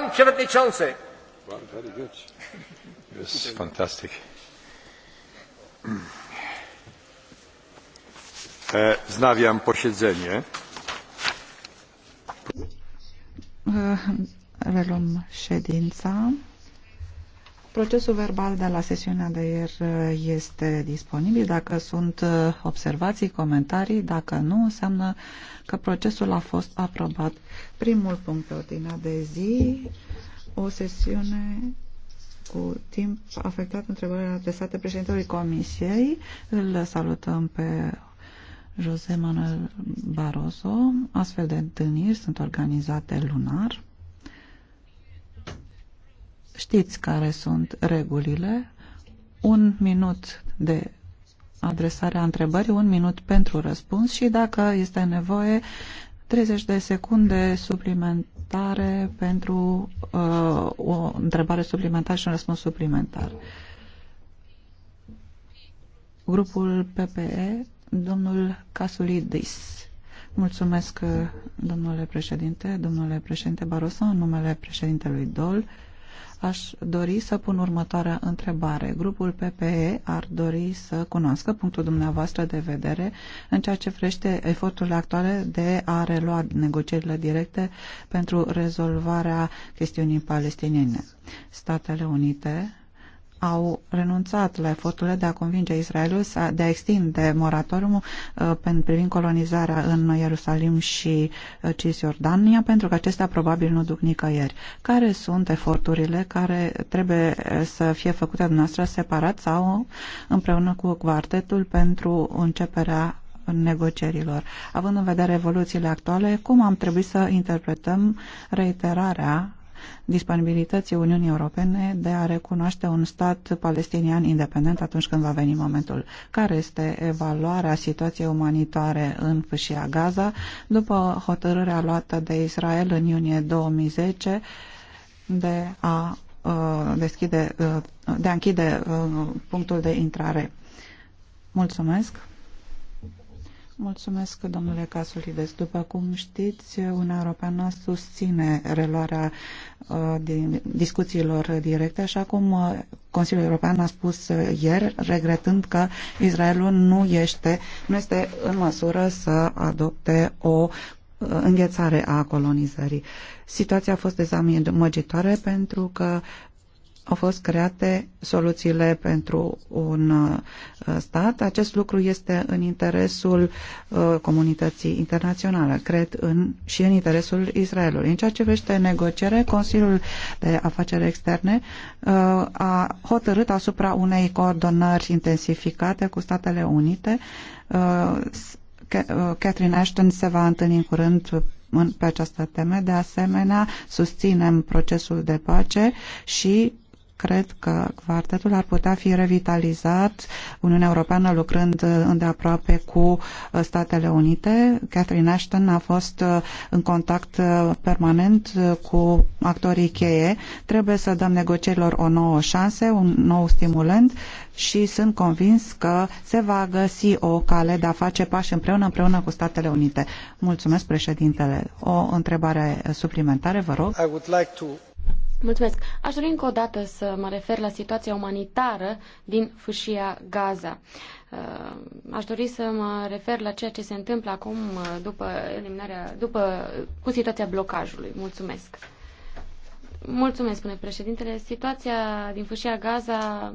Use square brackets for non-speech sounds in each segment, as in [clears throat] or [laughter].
Pan Przewodniczący. Well, very good. It was fantastic. Wznawiam posiedzenie. Reluăm ședința. Procesul verbal de la sesiunea de ieri uh, este disponibil. Dacă sunt uh, observații, comentarii, dacă nu, înseamnă că procesul a fost aprobat. Primul punct pe ordinea de zi, o sesiune cu timp afectat întrebările adresate președintelui Comisiei. Îl salutăm pe José Manuel Barroso. Astfel de întâlniri sunt organizate lunar. Știți care sunt regulile. Un minut de adresarea întrebării, un minut pentru răspuns și dacă este nevoie, 30 de secunde suplimentare pentru uh, o întrebare suplimentară și un răspuns suplimentar. Grupul PPE, domnul Casulidis. Mulțumesc, domnule președinte, domnule președinte Barroso, în numele președintelui Dol. Aș dori să pun următoarea întrebare. Grupul PPE ar dori să cunoască punctul dumneavoastră de vedere în ceea ce frește eforturile actuale de a relua negocierile directe pentru rezolvarea chestiunii palestiniene. Statele Unite au renunțat la eforturile de a convinge Israelul să, de a extinde moratoriumul uh, privind colonizarea în Ierusalim și uh, Cisjordania, pentru că acestea probabil nu duc nicăieri. Care sunt eforturile care trebuie uh, să fie făcute dumneavoastră separat sau împreună cu quartetul pentru începerea negocierilor. Având în vedere evoluțiile actuale, cum am trebuit să interpretăm reiterarea disponibilității Uniunii Europene de a recunoaște un stat palestinian independent atunci când va veni momentul. Care este evaluarea situației umanitare în fâșia Gaza după hotărârea luată de Israel în iunie 2010 de a uh, deschide, uh, de a închide uh, punctul de intrare. Mulțumesc! Mulțumesc, domnule Casulides. După cum știți, Uniunea Europeană susține reluarea uh, din discuțiilor directe, așa cum uh, Consiliul European a spus uh, ieri, regretând că Israelul nu este, nu este în măsură să adopte o uh, înghețare a colonizării. Situația a fost dezamăgitoare pentru că au fost create soluțiile pentru un uh, stat. Acest lucru este în interesul uh, comunității internaționale, cred, în, și în interesul Israelului. În ceea ce vește negociere, Consiliul de Afaceri Externe uh, a hotărât asupra unei coordonări intensificate cu Statele Unite. Catherine Ashton se va întâlni în curând pe această teme. De asemenea, susținem procesul de pace și cred că quartetul ar putea fi revitalizat, Uniunea Europeană lucrând uh, îndeaproape cu uh, Statele Unite. Catherine Ashton a fost uh, în contact permanent cu actorii cheie. Trebuie să dăm negocierilor o nouă șansă, un nou stimulant și sunt convins că se va găsi o cale de a face pași împreună, împreună cu Statele Unite. Mulțumesc, președintele. O întrebare suplimentară, vă rog. I would like to Mulțumesc. Aș dori încă o dată să mă refer la situația umanitară din fâșia Gaza. Uh, aș dori să mă refer la ceea ce se întâmplă acum uh, după eliminarea, după, cu situația blocajului. Mulțumesc. Mulțumesc, spune președintele. Situația din fâșia Gaza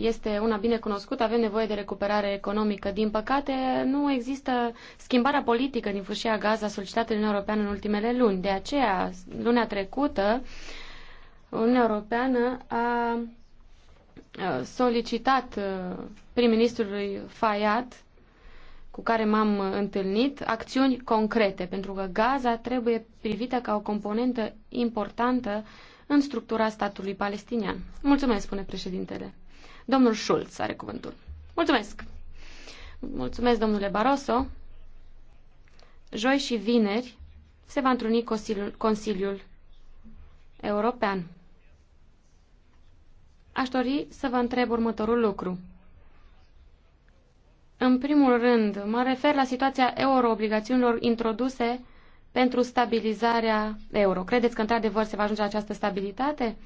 este una bine cunoscută, avem nevoie de recuperare economică. Din păcate, nu există schimbarea politică din fâșia Gaza solicitată de Uniunea Europeană în ultimele luni. De aceea, luna trecută, Uniunea Europeană a solicitat prim-ministrului Fayad, cu care m-am întâlnit, acțiuni concrete, pentru că Gaza trebuie privită ca o componentă importantă în structura statului palestinian. Mulțumesc, spune președintele. Domnul Schulz are cuvântul. Mulțumesc! Mulțumesc, domnule Barroso. Joi și vineri se va întruni Consiliul, Consiliul European aș dori să vă întreb următorul lucru. În primul rând, mă refer la situația euroobligațiunilor introduse pentru stabilizarea euro. Credeți că într-adevăr se va ajunge la această stabilitate?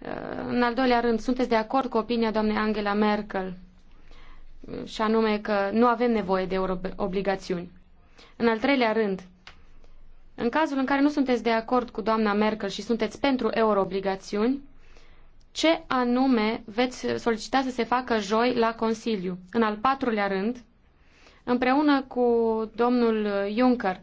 Uh, în al doilea rând, sunteți de acord cu opinia doamnei Angela Merkel uh, și anume că nu avem nevoie de euroobligațiuni. În al treilea rând, în cazul în care nu sunteți de acord cu doamna Merkel și sunteți pentru euroobligațiuni, ce anume veți solicita să se facă joi la Consiliu. În al patrulea rând, împreună cu domnul Juncker,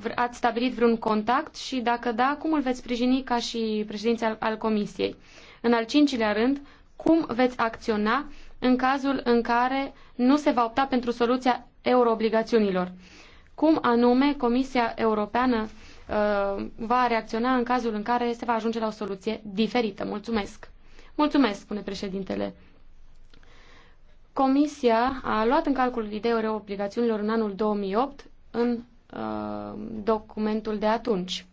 uh, ați stabilit vreun contact și dacă da, cum îl veți sprijini ca și președinția al, al Comisiei? În al cincilea rând, cum veți acționa în cazul în care nu se va opta pentru soluția euroobligațiunilor? Cum anume Comisia Europeană uh, va reacționa în cazul în care se va ajunge la o soluție diferită. Mulțumesc! Mulțumesc, spune președintele. Comisia a luat în calcul ideea obligațiunilor în anul 2008 în uh, documentul de atunci.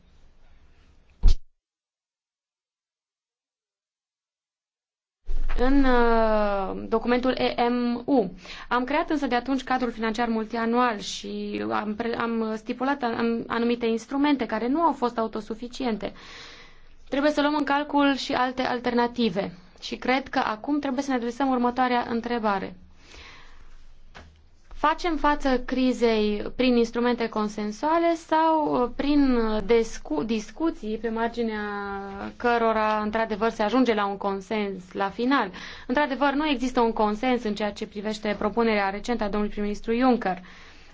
în uh, documentul EMU. Am creat însă de atunci cadrul financiar multianual și am, am stipulat an- anumite instrumente care nu au fost autosuficiente. Uh, Trebuie să luăm în calcul și alte alternative. Și cred că acum trebuie să ne adresăm următoarea întrebare. Facem față crizei prin instrumente consensuale sau uh, prin discu- discuții pe marginea cărora, într-adevăr, se ajunge la un consens la final? Într-adevăr, nu există un consens în ceea ce privește propunerea recentă a domnului prim-ministru Juncker.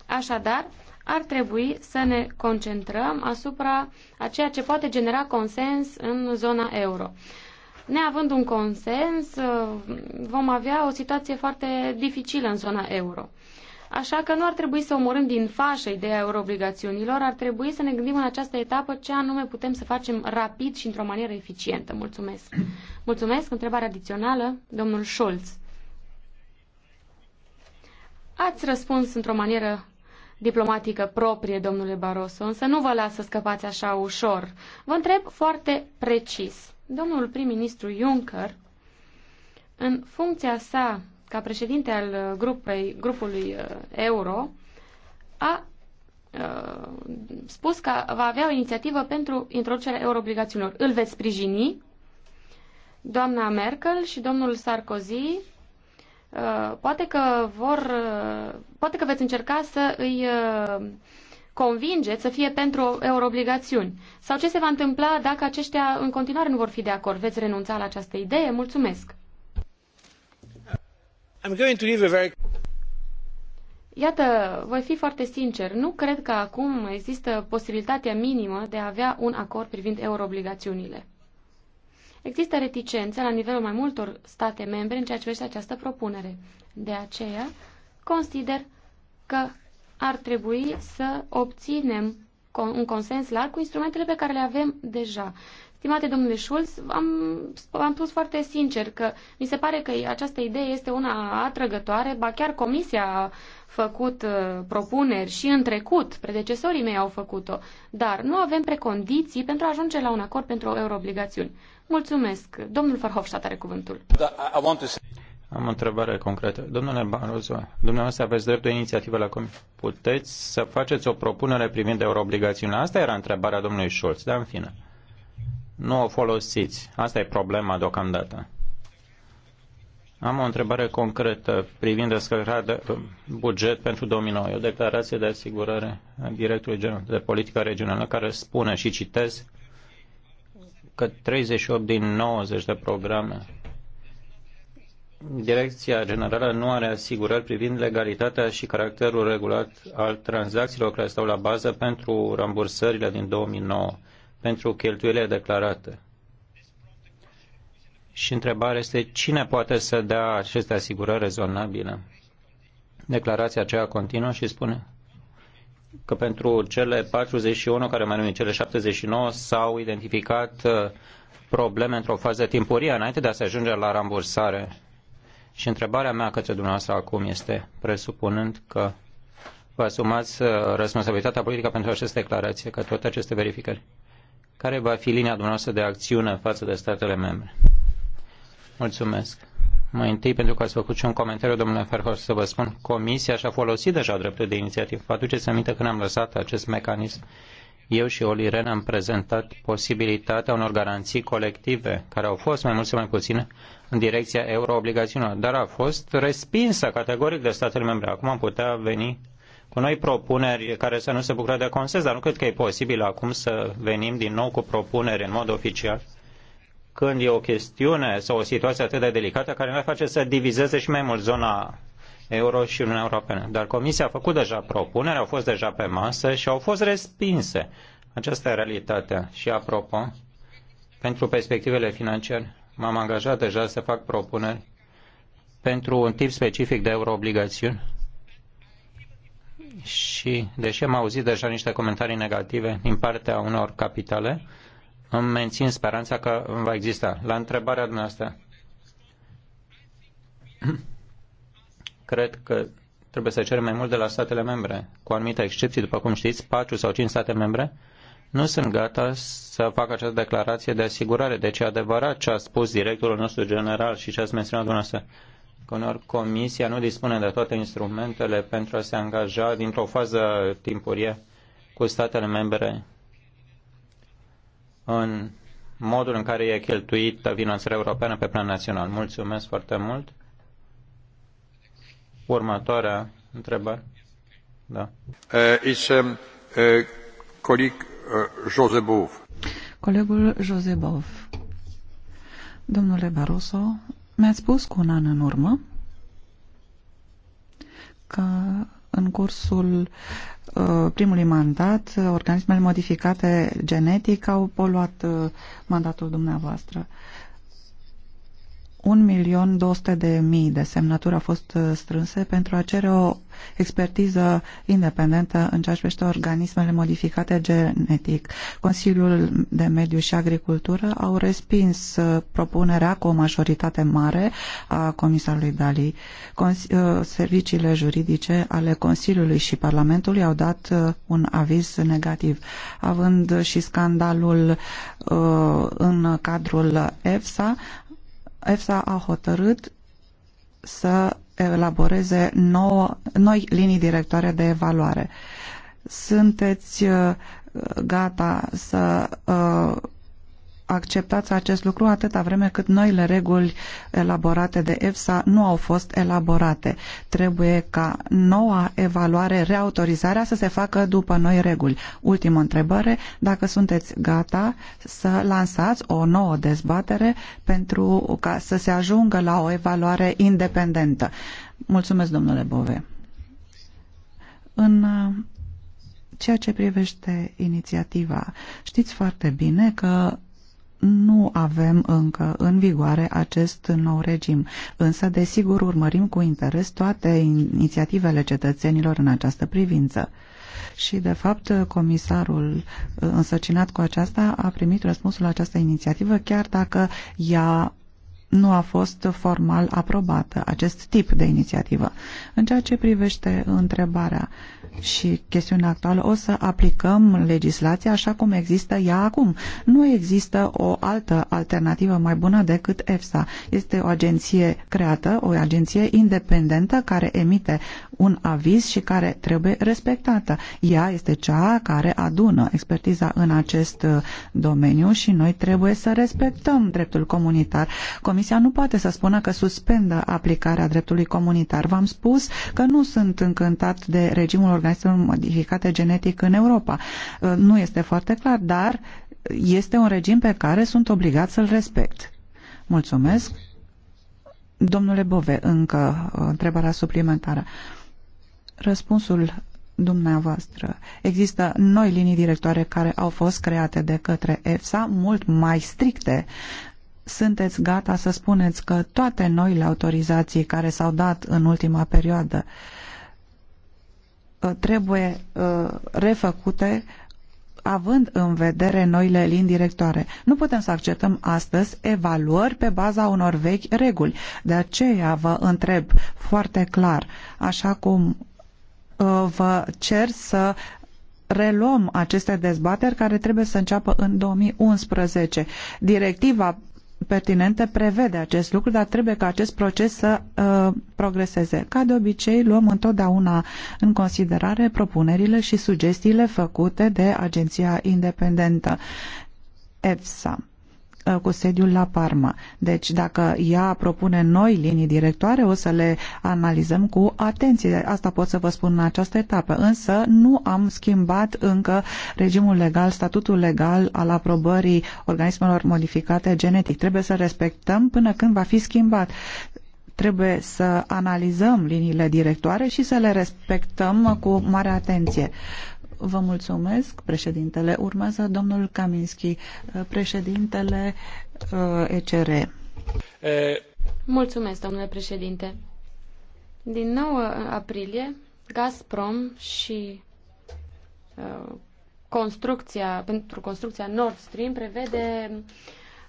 Așadar, ar trebui să ne concentrăm asupra a ceea ce poate genera consens în zona euro. Neavând un consens, vom avea o situație foarte dificilă în zona euro. Așa că nu ar trebui să omorâm din fașă ideea euroobligațiunilor, ar trebui să ne gândim în această etapă ce anume putem să facem rapid și într-o manieră eficientă. Mulțumesc. Mulțumesc. Întrebare adițională, domnul Scholz. Ați răspuns într-o manieră diplomatică proprie, domnule Barroso, însă nu vă las să scăpați așa ușor. Vă întreb foarte precis. Domnul prim-ministru Juncker, în funcția sa ca președinte al uh, grupei, grupului uh, euro, a uh, spus că va avea o inițiativă pentru introducerea euroobligațiunilor. Îl veți sprijini? Doamna Merkel și domnul Sarkozy Uh, poate că vor, uh, poate că veți încerca să îi uh, convingeți să fie pentru euroobligațiuni. Sau ce se va întâmpla dacă aceștia în continuare nu vor fi de acord? Veți renunța la această idee? Mulțumesc! I'm going to leave a very... Iată, voi fi foarte sincer, nu cred că acum există posibilitatea minimă de a avea un acord privind euroobligațiunile. Există reticențe la nivelul mai multor state membre în ceea ce privește această propunere. De aceea, consider că ar trebui să obținem un consens larg cu instrumentele pe care le avem deja. Stimate domnule Schulz, am, am spus foarte sincer că mi se pare că această idee este una atrăgătoare, ba chiar comisia a făcut uh, propuneri și în trecut, predecesorii mei au făcut-o, dar nu avem precondiții pentru a ajunge la un acord pentru euroobligațiuni. Mulțumesc. Domnul Verhofstadt are cuvântul. Da, Am o întrebare concretă. Domnule Barroso, dumneavoastră aveți dreptul inițiativă la comisie. Puteți să faceți o propunere privind euroobligațiunea? Asta era întrebarea domnului Schulz, dar în fine. Nu o folosiți. Asta e problema deocamdată. Am o întrebare concretă privind descărcarea de uh, buget pentru 2009. E o declarație de asigurare a directorului general de politică regională care spune și citez că 38 din 90 de programe Direcția Generală nu are asigurări privind legalitatea și caracterul regulat al tranzacțiilor care stau la bază pentru rambursările din 2009, pentru cheltuielile declarate. Și întrebarea este cine poate să dea aceste asigurări rezonabile? Declarația aceea continuă și spune că pentru cele 41, care mai numim cele 79, s-au identificat uh, probleme într-o fază timpurie, înainte de a se ajunge la rambursare. Și întrebarea mea către dumneavoastră acum este, presupunând că vă asumați uh, responsabilitatea politică pentru această declarație, că toate aceste verificări, care va fi linia dumneavoastră de acțiune față de statele membre? Mulțumesc. Mai întâi, pentru că ați făcut și un comentariu, domnule Ferhor, să vă spun, Comisia și-a folosit deja dreptul de inițiativă. Vă aduceți aminte când am lăsat acest mecanism? Eu și Oli Ren am prezentat posibilitatea unor garanții colective, care au fost mai mult sau mai puține, în direcția euroobligațiunilor, dar a fost respinsă categoric de statele membre. Acum am putea veni cu noi propuneri care să nu se bucure de consens, dar nu cred că e posibil acum să venim din nou cu propuneri în mod oficial când e o chestiune sau o situație atât de delicată care ne face să divizeze și mai mult zona euro și Uniunea Europeană. Dar Comisia a făcut deja propuneri, au fost deja pe masă și au fost respinse. Aceasta e realitatea. Și apropo, pentru perspectivele financiare, m-am angajat deja să fac propuneri pentru un tip specific de euroobligațiuni. Și, deși am auzit deja niște comentarii negative din partea unor capitale, îmi mențin speranța că va exista. La întrebarea dumneavoastră, [clears throat] cred că trebuie să cerem mai mult de la statele membre. Cu anumite excepții, după cum știți, 4 sau 5 state membre nu sunt gata să facă această declarație de asigurare. Deci e adevărat ce a spus directorul nostru general și ce ați menționat dumneavoastră că uneori Comisia nu dispune de toate instrumentele pentru a se angaja dintr-o fază timpurie cu statele membre în modul în care e cheltuită finanțarea europeană pe plan național. Mulțumesc foarte mult. Următoarea întrebare. Da. Uh, is, coleg um, uh, uh Josebov. Colegul Josebov. Domnule Barroso, mi-ați spus cu un an în urmă că în cursul uh, primului mandat, organismele modificate genetic au poluat uh, mandatul dumneavoastră. 1.200.000 de semnături au fost uh, strânse pentru a cere o expertiză independentă în ceea ce privește organismele modificate genetic. Consiliul de Mediu și Agricultură au respins uh, propunerea cu o majoritate mare a comisarului Dali. Cons uh, serviciile juridice ale Consiliului și Parlamentului au dat un aviz negativ, având și scandalul în cadrul EFSA, EFSA a hotărât să elaboreze nouă, noi linii directoare de evaluare. Sunteți uh, gata să uh, acceptați acest lucru atâta vreme cât noile reguli elaborate de EFSA nu au fost elaborate. Trebuie ca noua evaluare, reautorizarea să se facă după noi reguli. Ultimă întrebare, dacă sunteți gata să lansați o nouă dezbatere pentru ca să se ajungă la o evaluare independentă. Mulțumesc, domnule Bove. În uh, ceea ce privește inițiativa. Știți foarte bine că nu avem încă în vigoare acest nou regim, însă desigur urmărim cu interes toate inițiativele cetățenilor în această privință. Și, de fapt, comisarul uh, însăcinat cu aceasta a primit răspunsul la această inițiativă, chiar dacă ea nu a fost formal aprobată, acest tip de inițiativă. În ceea ce privește întrebarea uh, și chestiunea actuală, o să aplicăm legislația așa cum există ea acum. Nu există o altă alternativă mai bună decât EFSA. Este o agenție creată, o agenție independentă care emite un aviz și care trebuie respectată. Ea este cea care adună expertiza în acest uh, domeniu și noi trebuie să respectăm dreptul comunitar. Comisia nu poate să spună că suspendă aplicarea dreptului comunitar. V-am spus că nu sunt încântat de regimul organismelor modificate genetic în Europa. Uh, nu este foarte clar, dar este un regim pe care sunt obligat să-l respect. Mulțumesc. Domnule Bove, încă uh, întrebarea suplimentară. Răspunsul dumneavoastră. Există noi linii directoare care au fost create de către EFSA, mult mai stricte. Sunteți gata să spuneți că toate noile autorizații care s-au dat în ultima perioadă uh, Uh, trebuie uh, refăcute având în vedere noile linii directoare. Nu putem să acceptăm astăzi evaluări pe baza unor vechi reguli. De aceea vă întreb foarte clar, așa cum uh, vă cer să reluăm aceste dezbateri care trebuie să înceapă în 2011. Directiva pertinente prevede acest lucru, dar trebuie ca acest proces să uh, progreseze. Ca de obicei, luăm întotdeauna în considerare propunerile și sugestiile făcute de agenția independentă EFSA. Uh, cu sediul la Parma. Deci dacă ea propune noi linii directoare, o să le analizăm cu atenție. Asta pot să vă spun în această etapă. Însă nu am schimbat încă regimul legal, statutul legal al aprobării organismelor modificate genetic. Trebuie să respectăm până când va fi schimbat trebuie să analizăm liniile directoare și să le respectăm cu mare atenție. Vă mulțumesc, președintele. Urmează domnul Kaminski, președintele uh, ECR. Mulțumesc, domnule președinte. Din 9 aprilie, Gazprom și uh, construcția, pentru construcția Nord Stream prevede uh,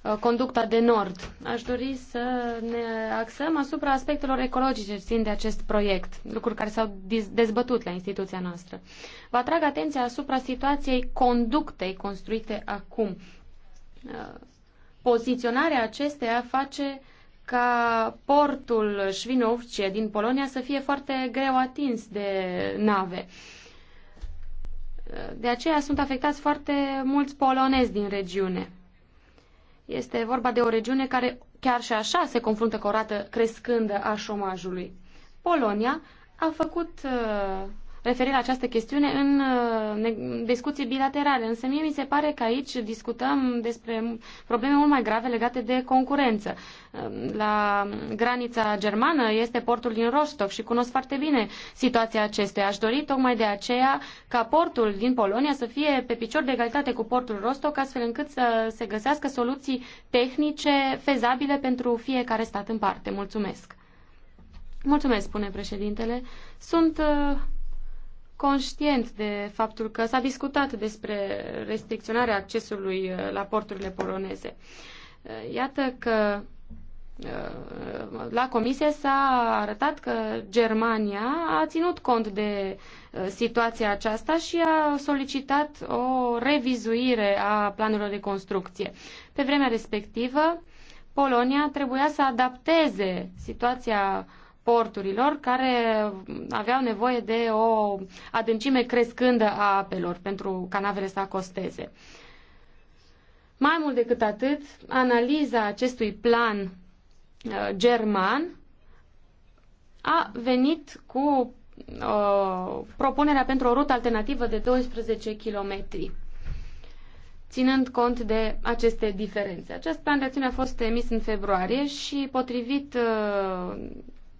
Uh, conducta de nord. Aș dori să ne axăm asupra aspectelor ecologice țin de acest proiect, lucruri care s-au dezbătut la instituția noastră. Vă atrag atenția asupra situației conductei construite acum. Uh, poziționarea acesteia face ca portul Șvinovce din Polonia să fie foarte greu atins de nave. De aceea sunt afectați foarte mulți polonezi din regiune. Este vorba de o regiune care chiar și așa se confruntă cu o rată crescândă a șomajului. Polonia a făcut uh, referi la această chestiune în uh, discuții bilaterale, însă mie mi se pare că aici discutăm despre probleme mult mai grave legate de concurență. Uh, la granița germană este portul din Rostov și cunosc foarte bine situația acestuia. Aș dori tocmai de aceea ca portul din Polonia să fie pe picior de egalitate cu portul Rostov, astfel încât să se găsească soluții tehnice fezabile pentru fiecare stat în parte. Mulțumesc! Mulțumesc, spune președintele. Sunt uh, conștient de faptul că s-a discutat despre restricționarea accesului uh, la porturile poloneze. Uh, iată că uh, la comisie s-a arătat că Germania a ținut cont de situația aceasta și a solicitat o revizuire a planurilor de construcție. Pe vremea respectivă, Polonia trebuia să adapteze situația porturilor care aveau nevoie de o adâncime crescândă a apelor pentru ca navele să acosteze. Mai mult decât atât, analiza acestui plan uh, german a venit cu uh, propunerea pentru o rută alternativă de 12 km ținând cont de aceste diferențe. Acest plan de acțiune a fost emis în februarie și potrivit uh,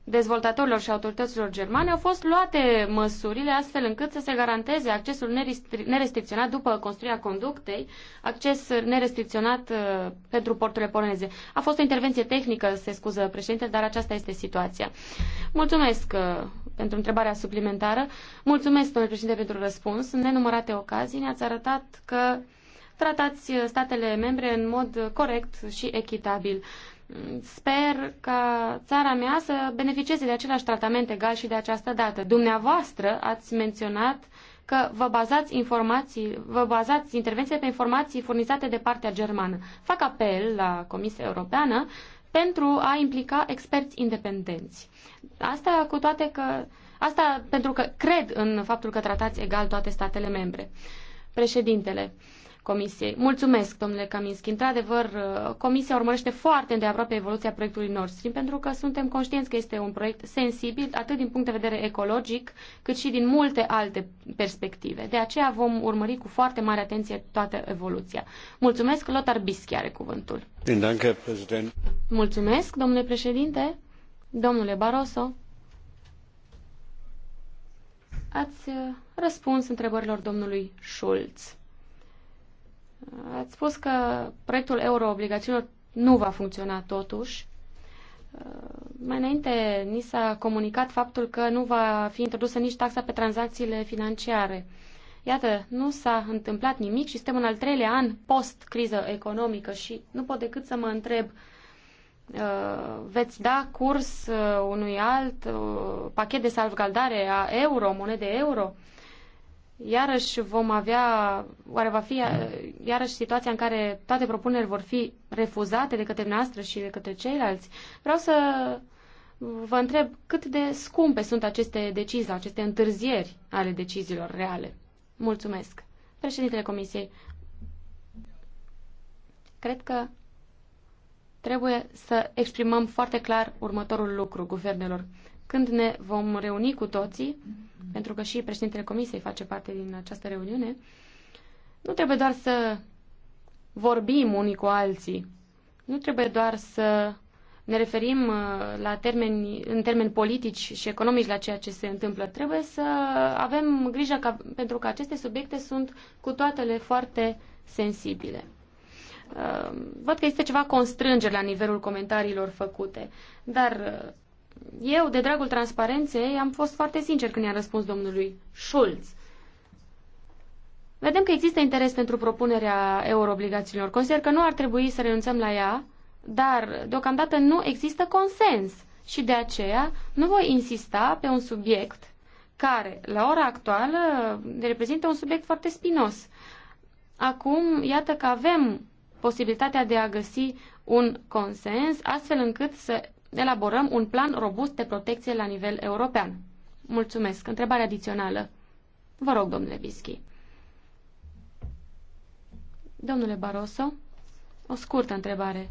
dezvoltatorilor și autorităților germane au fost luate măsurile astfel încât să se garanteze accesul nerestricționat după construirea conductei, acces nerestricționat uh, pentru porturile poloneze. A fost o intervenție tehnică, se scuză președinte, dar aceasta este situația. Mulțumesc uh, pentru întrebarea suplimentară. Mulțumesc, domnule președinte, pentru răspuns. În nenumărate ocazii ne-ați arătat că tratați statele membre în mod corect și echitabil. Sper ca țara mea să beneficieze de același tratament egal și de această dată. Dumneavoastră ați menționat că vă bazați, informații, vă bazați intervenția pe informații furnizate de partea germană. Fac apel la Comisia Europeană pentru a implica experți independenți. Asta cu toate că Asta pentru că cred în faptul că tratați egal toate statele membre. Președintele, Comisiei. Mulțumesc, domnule Kaminski. Într-adevăr, uh, Comisia urmărește foarte îndeaproape evoluția proiectului Nord Stream pentru că suntem conștienți că este un proiect sensibil atât din punct de vedere ecologic cât și din multe alte perspective. De aceea vom urmări cu foarte mare atenție toată evoluția. Mulțumesc, Lothar Bischi are cuvântul. Mulțumesc, domnule președinte, domnule Barroso. Ați uh, răspuns întrebărilor domnului Schulz. Ați spus că proiectul euroobligațiilor nu va funcționa totuși. Uh, mai înainte ni s-a comunicat faptul că nu va fi introdusă nici taxa pe tranzacțiile financiare. Iată, nu s-a întâmplat nimic și suntem în al treilea an post-criză economică și nu pot decât să mă întreb uh, veți da curs uh, unui alt pachet de salvgaldare a euro, monede euro? iarăși vom avea, oare va fi iarăși situația în care toate propunerile vor fi refuzate de către noastră și de către ceilalți? Vreau să vă întreb cât de scumpe sunt aceste decizii, aceste întârzieri ale deciziilor reale. Mulțumesc. Președintele Comisiei, cred că trebuie să exprimăm foarte clar următorul lucru guvernelor când ne vom reuni cu toții, pentru că și președintele Comisiei face parte din această reuniune, nu trebuie doar să vorbim unii cu alții, nu trebuie doar să ne referim uh, la termeni, în termeni politici și economici la ceea ce se întâmplă. Trebuie să avem grijă ca, pentru că aceste subiecte sunt cu toatele foarte sensibile. Uh, văd că este ceva constrângeri la nivelul comentariilor făcute, dar uh, eu, de dragul transparenței, am fost foarte sincer când i-am răspuns domnului Schulz. Vedem că există interes pentru propunerea euroobligațiilor. Consider că nu ar trebui să renunțăm la ea, dar deocamdată nu există consens și de aceea nu voi insista pe un subiect care, la ora actuală, reprezintă un subiect foarte spinos. Acum, iată că avem posibilitatea de a găsi un consens, astfel încât să elaborăm un plan robust de protecție la nivel european. Mulțumesc. Întrebare adițională. Vă rog, domnule Bischi. Domnule Barroso, o scurtă întrebare.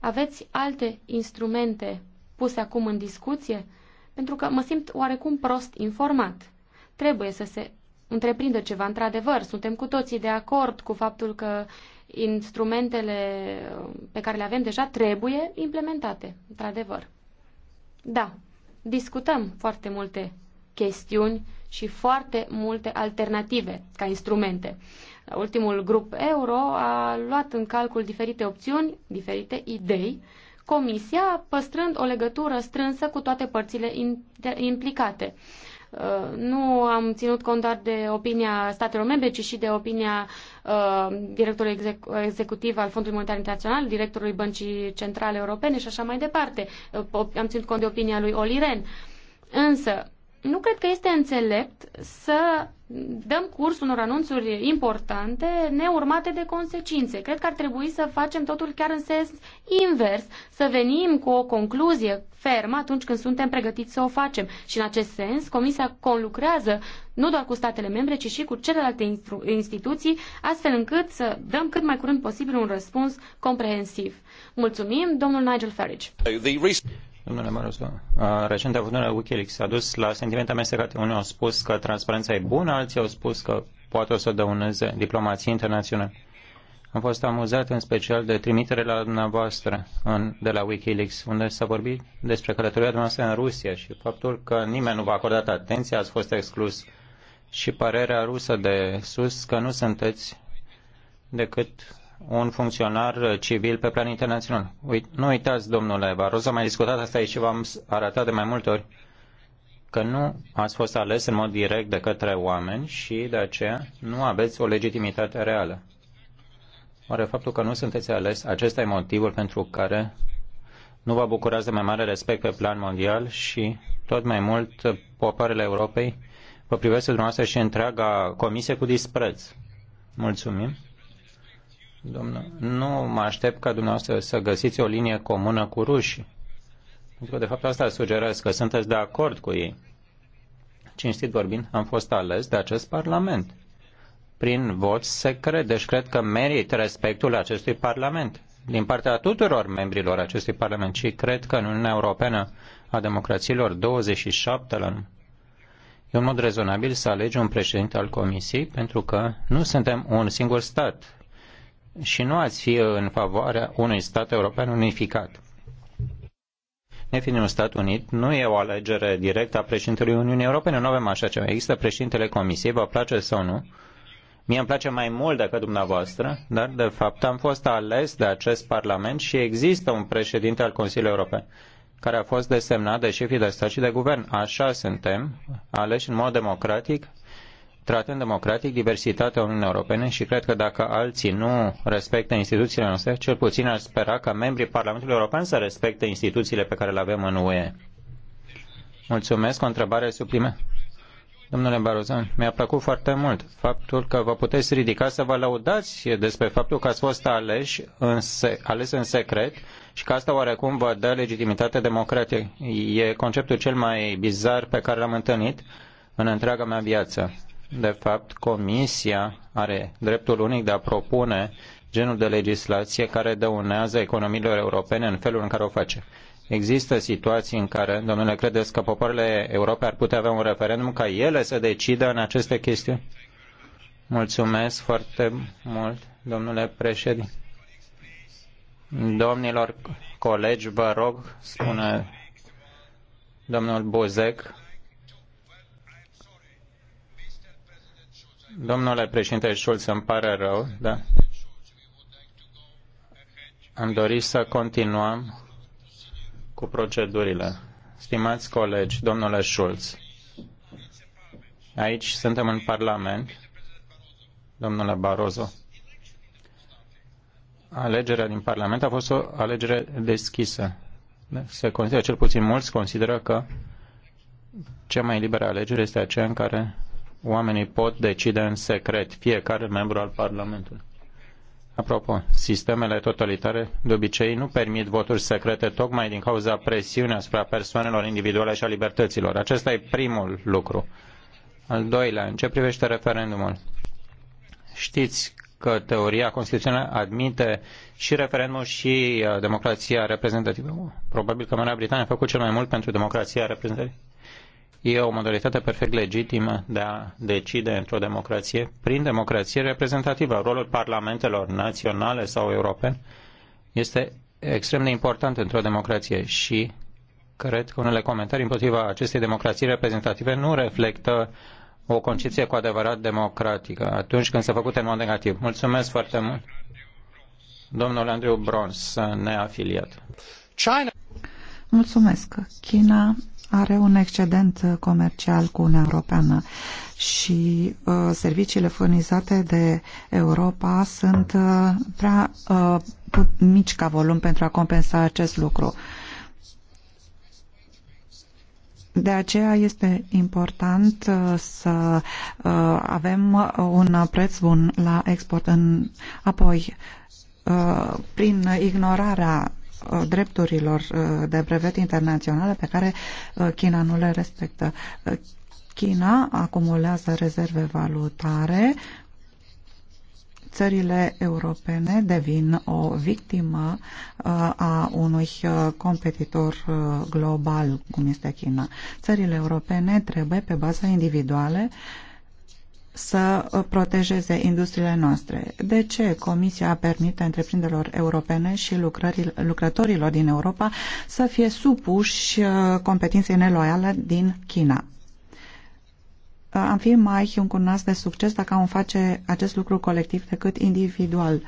Aveți alte instrumente puse acum în discuție? Pentru că mă simt oarecum prost informat. Trebuie să se întreprindă ceva. Într-adevăr, suntem cu toții de acord cu faptul că instrumentele pe care le avem deja trebuie implementate, într-adevăr. Da, discutăm foarte multe chestiuni și foarte multe alternative ca instrumente. Ultimul grup euro a luat în calcul diferite opțiuni, diferite idei, Comisia păstrând o legătură strânsă cu toate părțile implicate. Uh, nu am ținut cont doar de opinia statelor membre, ci și de opinia uh, directorului exec- executiv al Fondului Monetar Internațional, directorului Băncii Centrale Europene și așa mai departe. Uh, am ținut cont de opinia lui Oliren. Însă, nu cred că este înțelept să dăm curs unor anunțuri importante neurmate de consecințe. Cred că ar trebui să facem totul chiar în sens invers, să venim cu o concluzie fermă atunci când suntem pregătiți să o facem. Și în acest sens, Comisia conlucrează nu doar cu statele membre, ci și cu celelalte instituții, astfel încât să dăm cât mai curând posibil un răspuns comprehensiv. Mulțumim, domnul Nigel Farage. Domnule Marosu, recent avutarea Wikileaks a dus la sentimente amestecate. Unii au spus că transparența e bună, alții au spus că poate o să dăuneze diplomații internaționale. Am fost amuzat în special de trimiterea la dumneavoastră în, de la Wikileaks, unde s-a vorbit despre călătoria dumneavoastră în Rusia și faptul că nimeni nu v-a acordat atenție, ați fost exclus și parerea rusă de sus că nu sunteți decât un funcționar uh, civil pe plan internațional. Uit, nu uitați, domnule Barroso, am mai discutat asta aici și v-am arătat de mai multe ori că nu ați fost ales în mod direct de către oameni și de aceea nu aveți o legitimitate reală. Oare faptul că nu sunteți ales, acesta e motivul pentru care nu vă bucurați de mai mare respect pe plan mondial și tot mai mult popoarele Europei vă privesc dumneavoastră și întreaga comisie cu dispreț. Mulțumim. Domnul, nu mă aștept ca dumneavoastră să găsiți o linie comună cu rușii. Pentru că, de fapt, asta sugerez că sunteți de acord cu ei. Cinstit vorbind, am fost ales de acest Parlament prin vot secret. Deci cred că merit respectul acestui Parlament din partea tuturor membrilor acestui Parlament și cred că în Uniunea Europeană a democrațiilor 27 la număr. E un mod rezonabil să alegi un președinte al Comisiei pentru că nu suntem un singur stat și nu ați fi în favoarea unui stat european unificat. Nefiind un stat unit, nu e o alegere directă a președintelui Uniunii Europene, nu avem așa ceva. Există președintele Comisiei, vă place sau nu, Mie îmi place mai mult decât dumneavoastră, dar de fapt am fost ales de acest Parlament și există un președinte al Consiliului European care a fost desemnat de șefii de stat și de guvern. Așa suntem, aleși în mod democratic tratând democratic diversitatea Uniunii Europene și cred că dacă alții nu respectă instituțiile noastre, cel puțin ar spera ca membrii Parlamentului European să respecte instituțiile pe care le avem în UE. Mulțumesc. O întrebare suplime. Domnule Barozan, mi-a plăcut foarte mult faptul că vă puteți ridica să vă lăudați despre faptul că ați fost aleși în se- ales în secret și că asta oarecum vă dă legitimitate democratică. E conceptul cel mai bizar pe care l-am întâlnit în întreaga mea viață. De fapt, Comisia are dreptul unic de a propune genul de legislație care dăunează economiilor europene în felul în care o face. Există situații în care, domnule, credeți că popoarele Europei ar putea avea un referendum ca ele să decidă în aceste chestiuni? Mulțumesc foarte mult, domnule președinte. Domnilor colegi, vă rog, spune domnul Bozec, Domnule președinte Schulz, îmi pare rău, da? Am dorit să continuăm cu procedurile. Stimați colegi, domnule Schulz, aici suntem în Parlament, domnule Barroso. Alegerea din Parlament a fost o alegere deschisă. Da, se consideră, cel puțin mulți consideră că cea mai liberă alegere este aceea în care oamenii pot decide în secret, fiecare membru al Parlamentului. Apropo, sistemele totalitare de obicei nu permit voturi secrete tocmai din cauza presiunii asupra persoanelor individuale și a libertăților. Acesta e primul lucru. Al doilea, în ce privește referendumul? Știți că teoria constituțională admite și referendumul și uh, democrația reprezentativă. Probabil că Marea Britanie a făcut cel mai mult pentru democrația reprezentativă. E o modalitate perfect legitimă de a decide într-o democrație, prin democrație reprezentativă. Rolul parlamentelor naționale sau europene este extrem de important într-o democrație și cred că unele comentarii împotriva acestei democrații reprezentative nu reflectă o concepție cu adevărat democratică atunci când sunt făcute în mod negativ. Mulțumesc foarte mult. Domnul Andrew Brons, neafiliat. China. Mulțumesc. China are un excedent uh, comercial cu Uniunea Europeană și uh, serviciile furnizate de Europa sunt uh, prea uh, mici ca volum pentru a compensa acest lucru. De aceea este important uh, să uh, avem un preț bun la export. apoi, prin ignorarea Uh, drepturilor uh, de brevet internaționale pe care uh, China nu le respectă. China acumulează rezerve valutare, țările europene devin o victimă a unui competitor global, cum este China. Țările europene trebuie, pe baza individuale, să uh, protejeze industriile noastre. De ce Comisia permite întreprinderilor europene și lucrătorilor din Europa să fie supuși uh, competinței neloiale din China? Uh, am fi mai încunați de succes dacă am face acest lucru colectiv decât individual.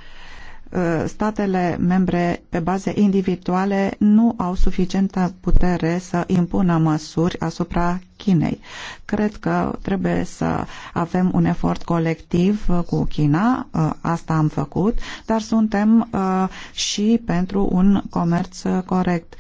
Uh, statele membre pe baze individuale nu au suficientă putere să impună măsuri asupra Chinei. Cred că trebuie să avem un efort colectiv uh, cu China, uh, asta am făcut, dar suntem și pentru un comerț corect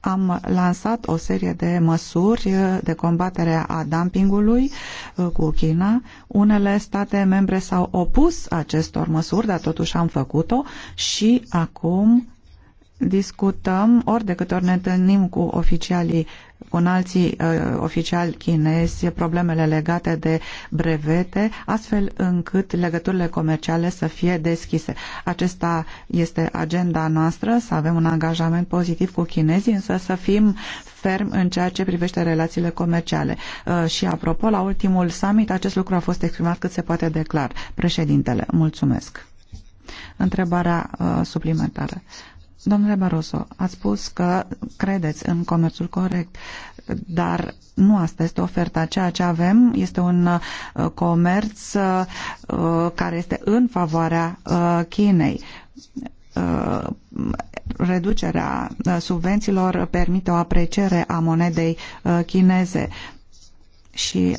am lansat o serie de măsuri de combatere a dumpingului uh, cu China. Unele state membre s-au opus acestor măsuri, dar totuși am făcut-o și acum discutăm ori de câte ori ne întâlnim cu oficialii, cu alții uh, oficiali chinezi, problemele legate de brevete, astfel încât legăturile comerciale să fie deschise. Acesta este agenda noastră, să avem un angajament pozitiv cu chinezii, însă să fim ferm în ceea ce privește relațiile comerciale. Uh, și apropo, la ultimul summit acest lucru a fost exprimat cât se poate declar. Președintele, mulțumesc. Întrebarea uh, suplimentară. Uh, Domnule Barroso, ați spus că credeți în comerțul corect, dar nu asta este oferta. Ceea ce avem este un uh, comerț uh, care este în favoarea uh, Chinei reducerea subvențiilor permite o apreciere a monedei chineze și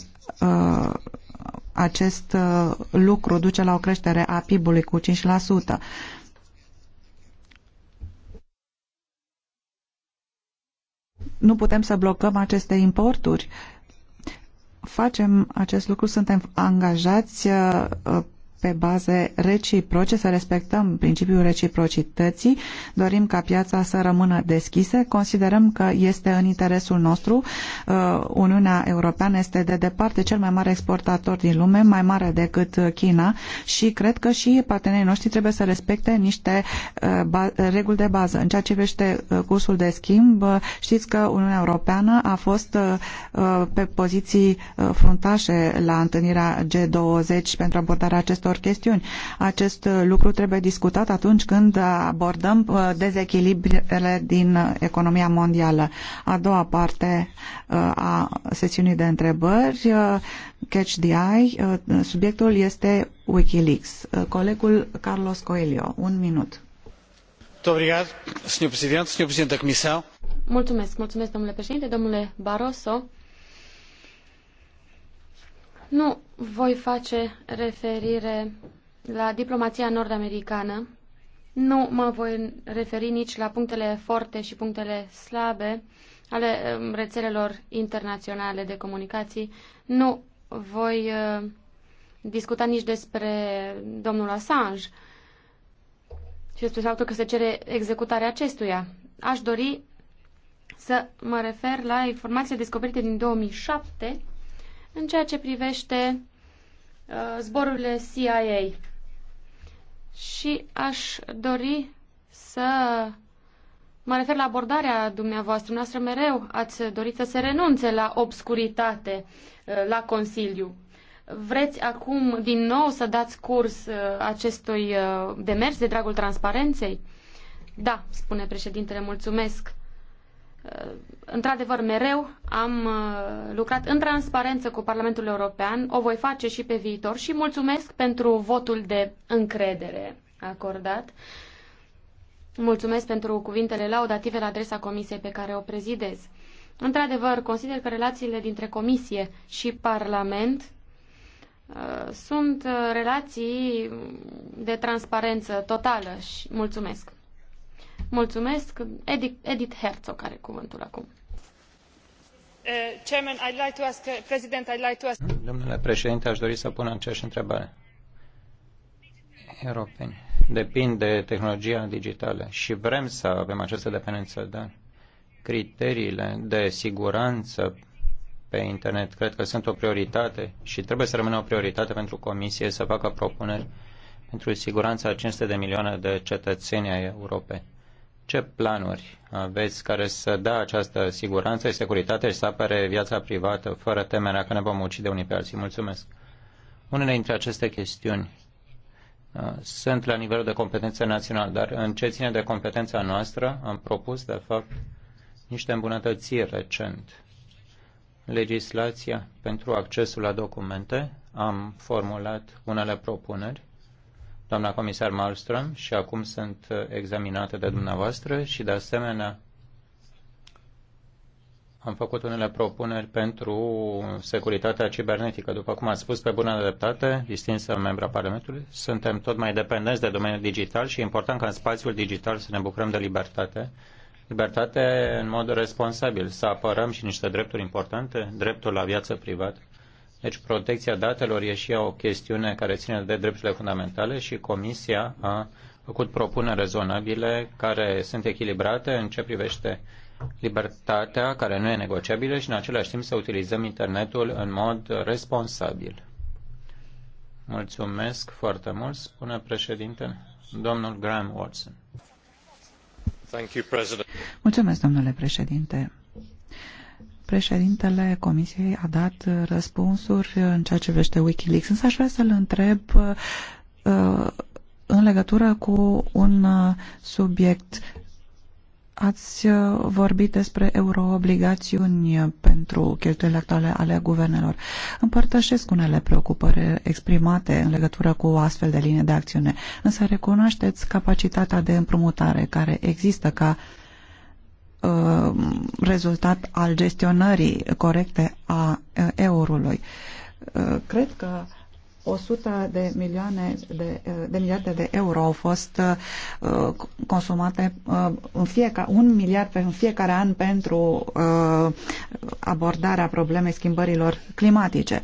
acest lucru duce la o creștere a PIB-ului cu 5%. nu putem să blocăm aceste importuri. Facem acest lucru, suntem angajați uh, pe baze reciproce, să respectăm principiul reciprocității, dorim ca piața să rămână deschise, considerăm că este în interesul nostru. Uh, Uniunea Europeană este de departe cel mai mare exportator din lume, mai mare decât China și cred că și partenerii noștri trebuie să respecte niște uh, reguli de bază. În ceea ce privește uh, cursul de schimb, știți că Uniunea Europeană a fost pe poziții fruntașe la întâlnirea G20 pentru abordarea acestor acestor chestiuni. Acest lucru trebuie discutat atunci când abordăm uh, dezechilibrele din economia mondială. A doua parte uh, a sesiunii de întrebări, uh, Catch the Eye, subiectul este Wikileaks. Colegul Carlos Coelho, un minut. Da mulțumesc, mulțumesc domnule președinte, domnule Barroso. Nu voi face referire la diplomația nord-americană. Nu mă voi referi nici la punctele forte și punctele slabe ale um, rețelelor internaționale de comunicații. Nu voi uh, discuta nici despre domnul Assange și despre faptul că se cere executarea acestuia. Aș dori să mă refer la informații descoperite din 2007 în ceea ce privește uh, zborurile CIA. Și aș dori să mă refer la abordarea dumneavoastră. Noastră mereu ați dorit să se renunțe la obscuritate uh, la Consiliu. Vreți acum din nou să dați curs uh, acestui uh, demers de dragul transparenței? Da, spune președintele, mulțumesc. Uh, într-adevăr, mereu am uh, lucrat în transparență cu Parlamentul European, o voi face și pe viitor și mulțumesc pentru votul de încredere acordat. Mulțumesc pentru cuvintele laudative la adresa comisiei pe care o prezidez. Într-adevăr, consider că relațiile dintre comisie și Parlament uh, sunt relații de transparență totală și mulțumesc. Mulțumesc. Edith, Edith Herzog are cuvântul acum. Domnule președinte, aș dori să pun aceeași întrebare. Europeni, depind de tehnologia digitală și vrem să avem această dependență, dar criteriile de siguranță pe internet cred că sunt o prioritate și trebuie să rămână o prioritate pentru Comisie să facă propuneri pentru siguranța a 500 de milioane de cetățeni ai Europei ce planuri aveți care să dea această siguranță și securitate și să apere viața privată fără temerea că ne vom ucide unii pe alții? Mulțumesc. Unele dintre aceste chestiuni uh, sunt la nivelul de competență națională, dar în ce ține de competența noastră am propus, de fapt, niște îmbunătățiri recent. Legislația pentru accesul la documente, am formulat unele propuneri doamna comisar Malmström și acum sunt uh, examinate de dumneavoastră și de asemenea am făcut unele propuneri pentru securitatea cibernetică. După cum ați spus pe bună dreptate, distinsă membra Parlamentului, suntem tot mai dependenți de domeniul digital și e important ca în spațiul digital să ne bucurăm de libertate. Libertate în mod responsabil, să apărăm și niște drepturi importante, dreptul la viață privată deci protecția datelor e și ea o chestiune care ține de drepturile fundamentale și Comisia a făcut propuneri rezonabile care sunt echilibrate în ce privește libertatea care nu e negociabilă și în același timp să utilizăm internetul în mod responsabil. Mulțumesc foarte mult, spune președintele, domnul Graham Watson. Mulțumesc, domnule președinte. Președintele Comisiei a dat uh, răspunsuri uh, în ceea ce vește Wikileaks, însă aș vrea să-l întreb uh, în legătură cu un subiect. Ați vorbit despre euroobligațiuni pentru cheltuielile actuale ale guvernelor. Împărtășesc unele preocupări exprimate în legătură cu o astfel de linie de acțiune, însă recunoașteți capacitatea de împrumutare care există ca uh, Uh, rezultat al gestionării corecte a uh, eurului. Uh, cred că 100 de milioane de, de miliarde de euro au fost consumate în fiecare, un miliard în fiecare an pentru abordarea problemei schimbărilor climatice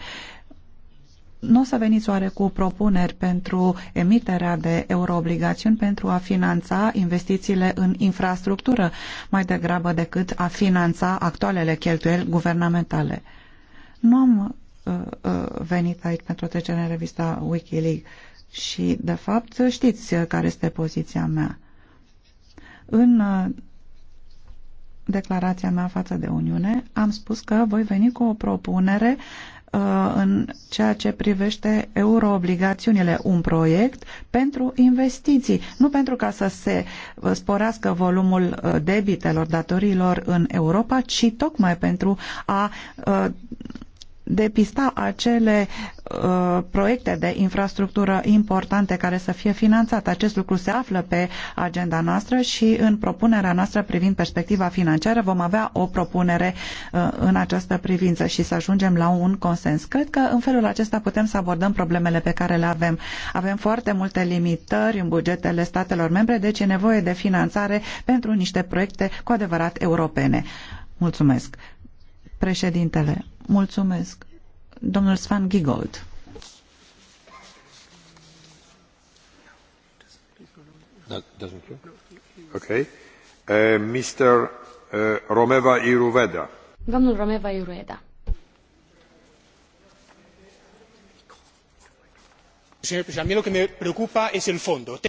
nu o să veniți oare cu propuneri pentru emiterea de euroobligațiuni pentru a finanța investițiile în infrastructură mai degrabă decât a finanța actualele cheltuieli guvernamentale? Nu am uh, uh, venit aici pentru a trece în revista Wikileaks și, de fapt, știți care este poziția mea. În uh, declarația mea față de Uniune am spus că voi veni cu o propunere uh, Uh, în ceea ce privește euroobligațiunile, un proiect pentru investiții, nu pentru ca să se uh, sporească volumul uh, debitelor, datoriilor în Europa, ci tocmai pentru a depista acele uh, proiecte de infrastructură importante care să fie finanțate. Acest lucru se află pe agenda noastră și în propunerea noastră privind perspectiva financiară vom avea o propunere uh, în această privință și să ajungem la un consens. Cred că în felul acesta putem să abordăm problemele pe care le avem. Avem foarte multe limitări în bugetele statelor membre, deci e nevoie de finanțare pentru niște proiecte cu adevărat europene. Mulțumesc. Președintele, Mulțumesc. Domnul Sven Gigold. Okay. Uh, Mr. Uh, Romeva Iruveda. Domnul Romeva Iruveda.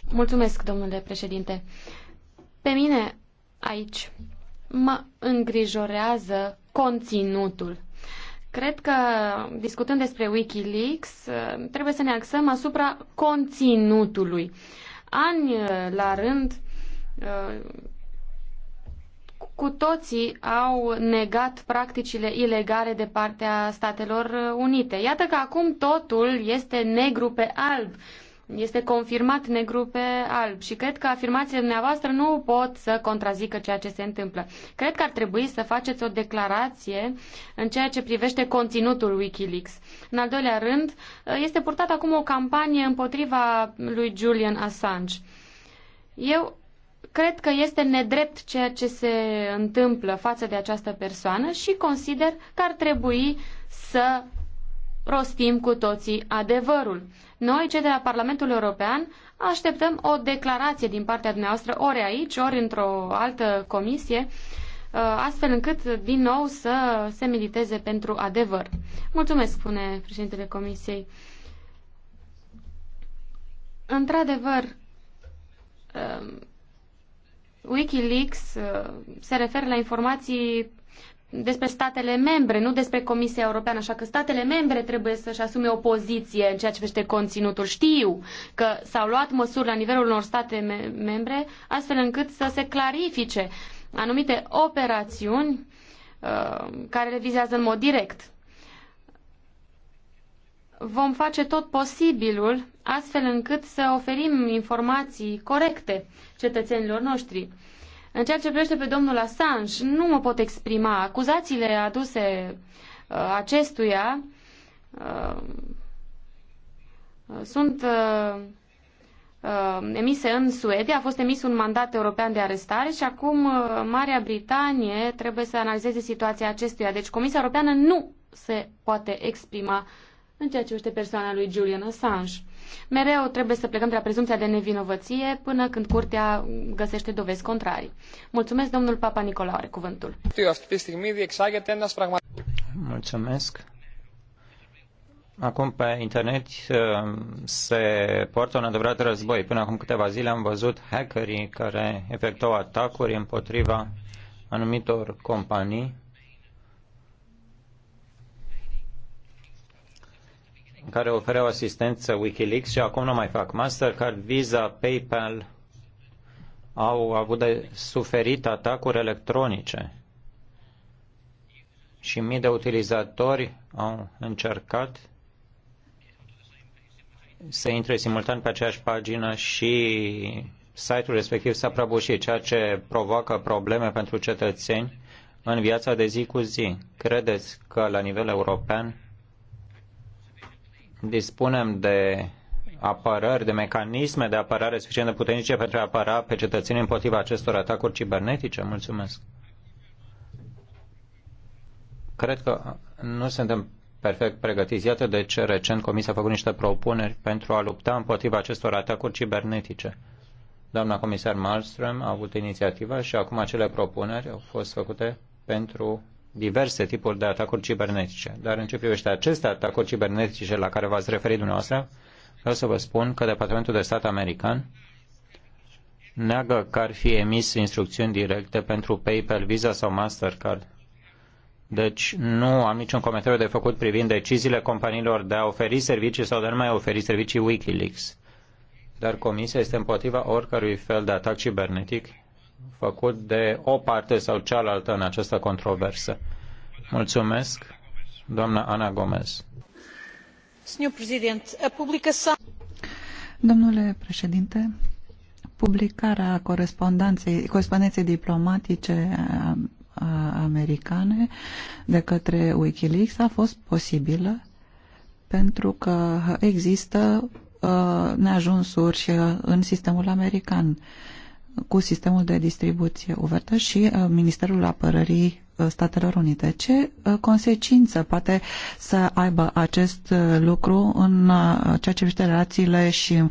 Mulțumesc, domnule președinte. Pe mine, aici, mă îngrijorează conținutul Cred că, discutând despre Wikileaks, trebuie să ne axăm asupra conținutului. Ani uh, la rând, uh, cu toții au negat practicile ilegale de partea Statelor Unite. Iată că acum totul este negru pe alb este confirmat negru pe alb și cred că afirmațiile dumneavoastră nu pot să contrazică ceea ce se întâmplă. Cred că ar trebui să faceți o declarație în ceea ce privește conținutul Wikileaks. În al doilea rând, este purtat acum o campanie împotriva lui Julian Assange. Eu cred că este nedrept ceea ce se întâmplă față de această persoană și consider că ar trebui să rostim cu toții adevărul. Noi, cei de la Parlamentul European, așteptăm o declarație din partea dumneavoastră, ori aici, ori într-o altă comisie, uh, astfel încât, din nou, să se militeze pentru adevăr. Mulțumesc, spune președintele Comisiei. Într-adevăr, uh, Wikileaks uh, se referă la informații despre statele membre, nu despre Comisia Europeană, așa că statele membre trebuie să-și asume o poziție în ceea ce privește conținutul. Știu că s-au luat măsuri la nivelul unor state membre astfel încât să se clarifice anumite operațiuni uh, care le vizează în mod direct. Vom face tot posibilul astfel încât să oferim informații corecte cetățenilor noștri. În ceea ce privește pe domnul Assange, nu mă pot exprima. Acuzațiile aduse uh, acestuia uh, sunt uh, uh emise în Suedia, a fost emis un mandat european de arestare și acum uh, Marea Britanie trebuie să analizeze situația acestuia. Deci Comisia Europeană nu se poate exprima în ceea ce privește persoana lui Julian Assange. Mereu trebuie să plecăm de la prezumția de nevinovăție până când curtea găsește dovezi contrarii. Mulțumesc, domnul Papa Nicolau, are cuvântul. Mulțumesc. Acum pe internet uh, se poartă un adevărat război. Până acum câteva zile am văzut hackerii care efectuau atacuri împotriva anumitor companii care ofereau asistență Wikileaks și acum nu mai fac. Mastercard, Visa, PayPal au avut de suferit atacuri electronice și mii de utilizatori au încercat să intre simultan pe aceeași pagină și site-ul respectiv s-a prăbușit, ceea ce provoacă probleme pentru cetățeni în viața de zi cu zi. Credeți că la nivel european dispunem de apărări, de mecanisme de apărare suficient de puternice pentru a apăra pe cetățenii împotriva acestor atacuri cibernetice? Mulțumesc. Cred că nu suntem perfect pregătiți. Iată de ce recent Comisia a făcut niște propuneri pentru a lupta împotriva acestor atacuri cibernetice. Doamna comisar Malmström a avut inițiativa și acum acele propuneri au fost făcute pentru diverse tipuri de atacuri cibernetice. Dar în ce privește aceste atacuri cibernetice la care v-ați referit dumneavoastră, vreau să vă spun că Departamentul de Stat american neagă că ar fi emis instrucțiuni directe pentru PayPal, Visa sau Mastercard. Deci nu am niciun comentariu de făcut privind deciziile companiilor de a oferi servicii sau de a nu mai oferi servicii Wikileaks. Dar Comisia este împotriva oricărui fel de atac cibernetic făcut de o parte sau cealaltă în această controversă. Mulțumesc, doamna Ana Gomez. Domnule președinte, publicarea corespondenței, corespondenței diplomatice americane de către Wikileaks a fost posibilă pentru că există uh, neajunsuri uh, în sistemul american. Uh, cu sistemul de distribuție uvertă și uh, Ministerul Apărării uh, Statelor Unite. Ce uh, consecință poate să aibă acest lucru în ceea ce privește relațiile și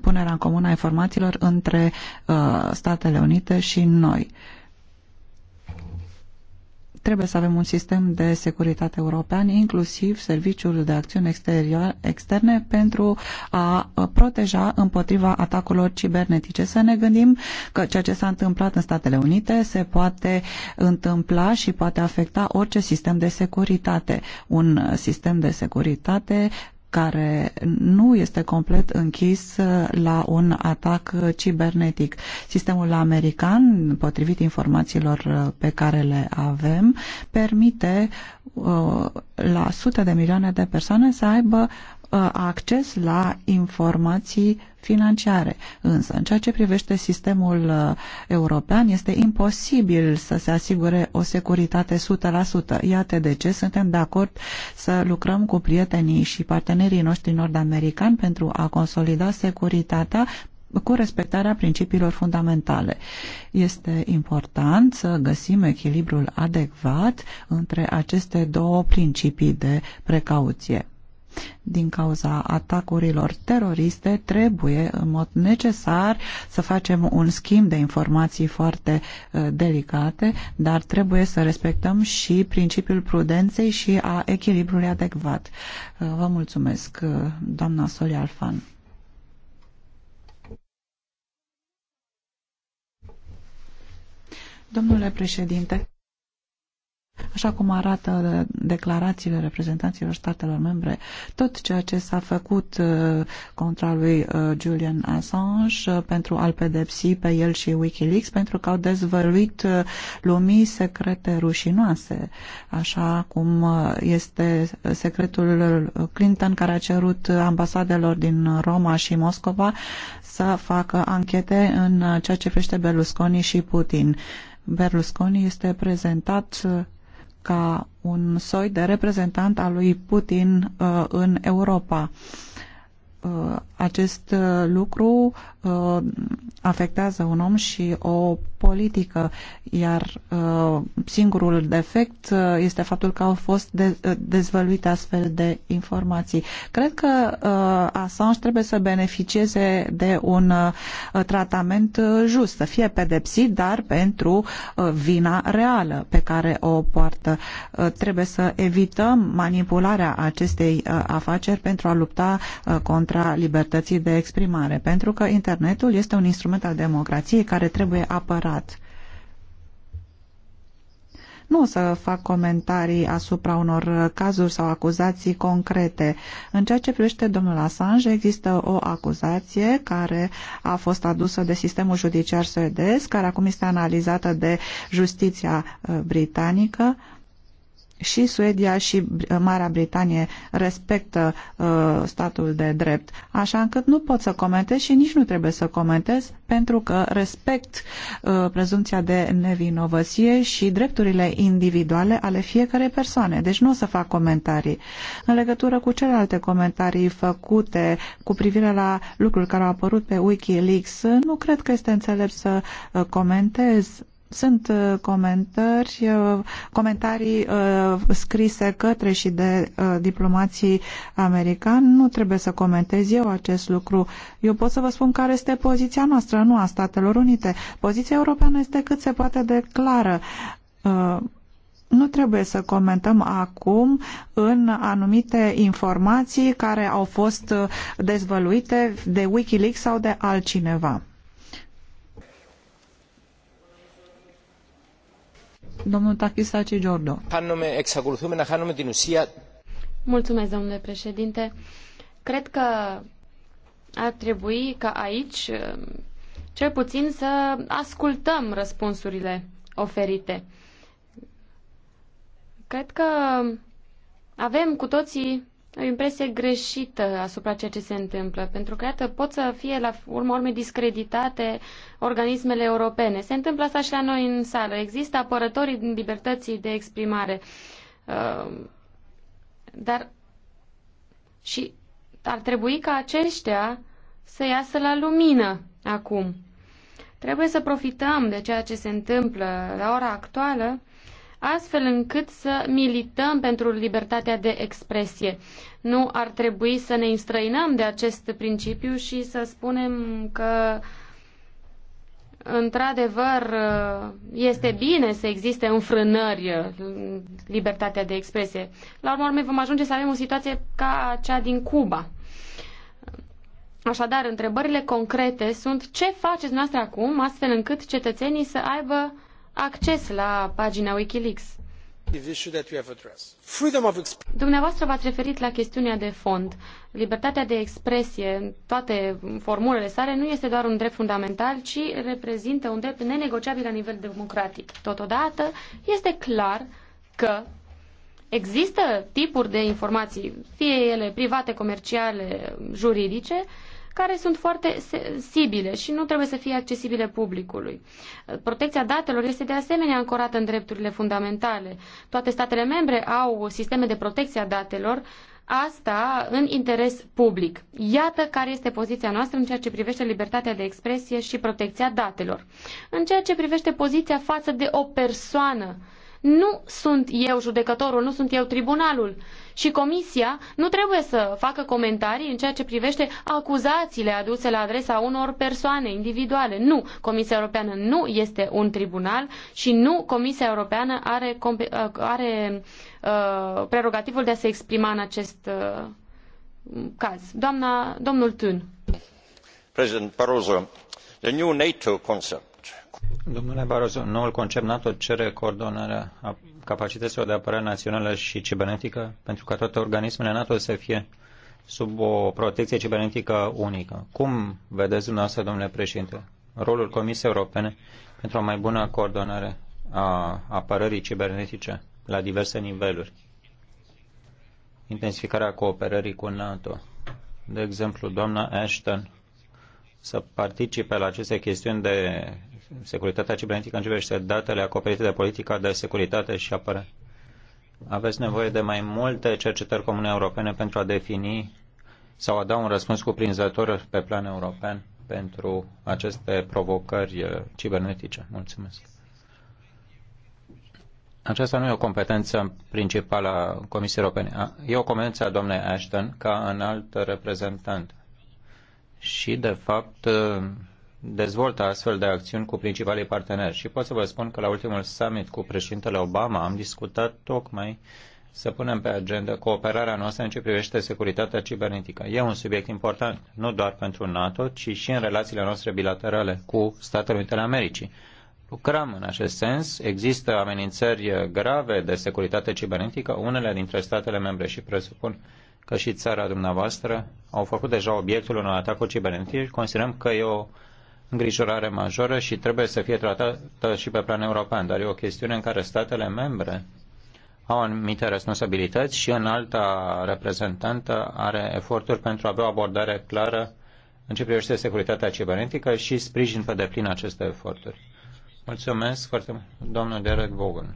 punerea în comun a informațiilor între Statele Unite și noi? Trebuie să avem un sistem de securitate european, inclusiv serviciul de acțiune externe, pentru a proteja împotriva atacurilor cibernetice. Să ne gândim că ceea ce s-a întâmplat în Statele Unite se poate întâmpla și poate afecta orice sistem de securitate. Un sistem de securitate care nu este complet închis uh, la un atac uh, cibernetic. Sistemul american, potrivit informațiilor uh, pe care le avem, permite la sute de milioane de persoane să aibă Uh, acces la informații financiare. Însă, în ceea ce privește sistemul uh, european, este imposibil să se asigure o securitate 100%. Iată de ce suntem de acord să lucrăm cu prietenii și partenerii noștri nord-americani pentru a consolida securitatea cu respectarea principiilor fundamentale. Este important să găsim echilibrul adecvat între aceste două principii de precauție. Din cauza atacurilor teroriste, trebuie în mod necesar să facem un schimb de informații foarte uh, delicate, dar trebuie să respectăm și principiul prudenței și a echilibrului adecvat. Uh, vă mulțumesc, uh, doamna Soli Alfan. Domnule președinte, Așa cum arată declarațiile reprezentanților statelor membre, tot ceea ce s-a făcut uh, contra lui uh, Julian Assange uh, pentru a-l pedepsi pe el și Wikileaks, pentru că au dezvăluit lumii secrete rușinoase, așa cum este secretul Clinton care a cerut ambasadelor din Roma și Moscova să facă anchete în ceea ce privește Berlusconi și Putin. Berlusconi este prezentat ca un soi de reprezentant al lui Putin uh, în Europa. Uh, acest uh, lucru uh, afectează un om și o politică, iar singurul defect este faptul că au fost dezvăluite astfel de informații. Cred că Assange trebuie să beneficieze de un tratament just, să fie pedepsit, dar pentru vina reală pe care o poartă. Trebuie să evităm manipularea acestei afaceri pentru a lupta contra contra libertății de exprimare, pentru că internetul este un instrument al democrației care trebuie apărat. Nu o să fac comentarii asupra unor cazuri sau acuzații concrete. În ceea ce privește domnul Assange, există o acuzație care a fost adusă de sistemul judiciar suedez, care acum este analizată de justiția uh, britanică și Suedia și Marea Britanie respectă uh, statul de drept, așa încât nu pot să comentez și nici nu trebuie să comentez pentru că respect uh, prezumția de nevinovăție și drepturile individuale ale fiecarei persoane. Deci nu o să fac comentarii. În legătură cu celelalte comentarii făcute cu privire la lucruri care au apărut pe Wikileaks, nu cred că este înțelept să uh, comentez sunt uh, comentări, uh, comentarii uh, scrise către și de diplomații americani. Nu trebuie să comentez eu acest lucru. Eu pot să vă spun care este poziția noastră, nu a Statelor Unite. Poziția europeană este cât se poate de clară. Nu trebuie să comentăm acum în anumite informații care au fost dezvăluite de Wikileaks sau de altcineva. Domnul Tachisaci Giordo. Mulțumesc, domnule președinte. Cred că ar trebui ca aici, cel puțin, să ascultăm răspunsurile oferite. Cred că avem cu toții o impresie greșită asupra ceea ce se întâmplă, pentru că, iată, pot să fie, la urma urmei, discreditate organismele europene. Se întâmplă asta și la noi în sală. Există apărătorii din libertății de exprimare. Ehm, dar și ar trebui ca aceștia să iasă la lumină acum. Trebuie să profităm de ceea ce se întâmplă la ora actuală astfel încât să milităm pentru libertatea de expresie. Nu ar trebui să ne înstrăinăm de acest principiu și să spunem că într-adevăr, este bine să existe înfrânări libertatea de expresie. La urmă, vom ajunge să avem o situație ca cea din Cuba. Așadar, întrebările concrete sunt ce faceți noastră acum astfel încât cetățenii să aibă acces la pagina Wikileaks. Dumneavoastră v-ați referit la chestiunea de fond. Libertatea de expresie, în toate formulele sale, nu este doar un drept fundamental, ci reprezintă un drept nenegociabil la nivel democratic. Totodată, este clar că există tipuri de informații, fie ele private, comerciale, juridice, uh, care sunt foarte sensibile și nu trebuie să fie accesibile publicului. Protecția datelor este de asemenea ancorată în drepturile fundamentale. Toate statele membre au sisteme de protecție a datelor, asta în interes public. Iată care este poziția noastră în ceea ce privește libertatea de expresie și protecția datelor. În ceea ce privește poziția față de o persoană, nu sunt eu judecătorul, nu sunt eu tribunalul și Comisia nu trebuie să facă comentarii în ceea ce privește acuzațiile aduse la adresa unor persoane individuale. Nu, Comisia Europeană nu este un tribunal și nu Comisia Europeană are, uh, are uh, prerogativul de a se exprima în acest uh, caz. Doamna, domnul Tun. President Barroso, the new NATO concept Domnule Barroso, noul concept NATO cere coordonarea capacităților de apărare națională și cibernetică pentru ca toate organismele NATO să fie sub o protecție cibernetică unică. Cum vedeți dumneavoastră, domnule președinte, rolul Comisiei Europene pentru o mai bună coordonare a apărării cibernetice la diverse niveluri? Intensificarea cooperării cu NATO. De exemplu, doamna Ashton să participe la aceste chestiuni de securitatea cibernetică începe ce datele acoperite de politica de securitate și apărare. Aveți nevoie de mai multe cercetări comune europene pentru a defini sau a da un răspuns cuprinzător pe plan european pentru aceste provocări eh, cibernetice. Mulțumesc. Aceasta nu e o competență principală a Comisiei Europene. E o competență a doamnei Ashton ca înalt reprezentant. Și, de fapt, eh, dezvoltă astfel de acțiuni cu principalii parteneri. Și pot să vă spun că la ultimul summit cu președintele Obama am discutat tocmai să punem pe agenda cooperarea noastră în ce privește securitatea cibernetică. E un subiect important, nu doar pentru NATO, ci și în relațiile noastre bilaterale cu Statele Unite ale Americii. Lucrăm în acest sens. Există amenințări grave de securitate cibernetică, unele dintre statele membre și presupun că și țara dumneavoastră au făcut deja obiectul unor atacuri cibernetice. Considerăm că e o îngrijorare majoră și trebuie să fie tratată și pe plan european, dar e o chestiune în care statele membre au anumite responsabilități și în alta reprezentantă are eforturi pentru a avea o abordare clară în ce privește securitatea cibernetică și sprijin pe deplin aceste eforturi. Mulțumesc foarte mult, domnul Derek Vogel.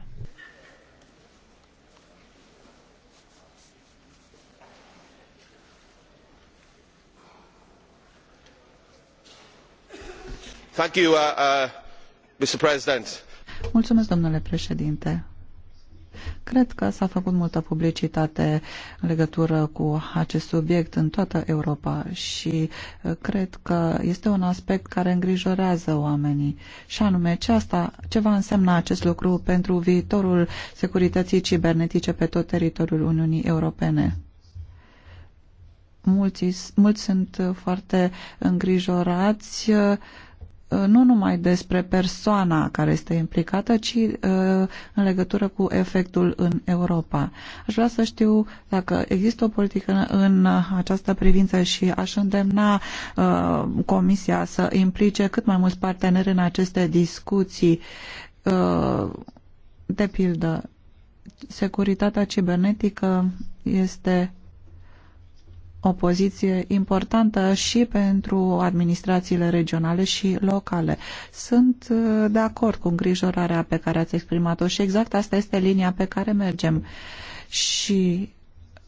Uh, uh, domnule președinte cred că s a făcut multă publicitate în legătură cu acest subiect în toată europa și uh, cred că este un aspect care îngrijorează oamenii și anume ce, asta, ce va însemna acest lucru pentru viitorul securității cibernetice pe tot teritoriul Uniunii Europene mulți, mulți sunt foarte îngrijorați Uh, nu numai despre persoana care este implicată, ci uh, în legătură cu efectul în Europa. Aș vrea să știu dacă există o politică în această privință și aș îndemna uh, Comisia să implice cât mai mulți parteneri în aceste discuții, de pildă securitatea cibernetică este o poziție importantă și pentru administrațiile regionale și locale. Sunt uh, de acord cu îngrijorarea pe care ați exprimat-o și exact asta este linia pe care mergem. Și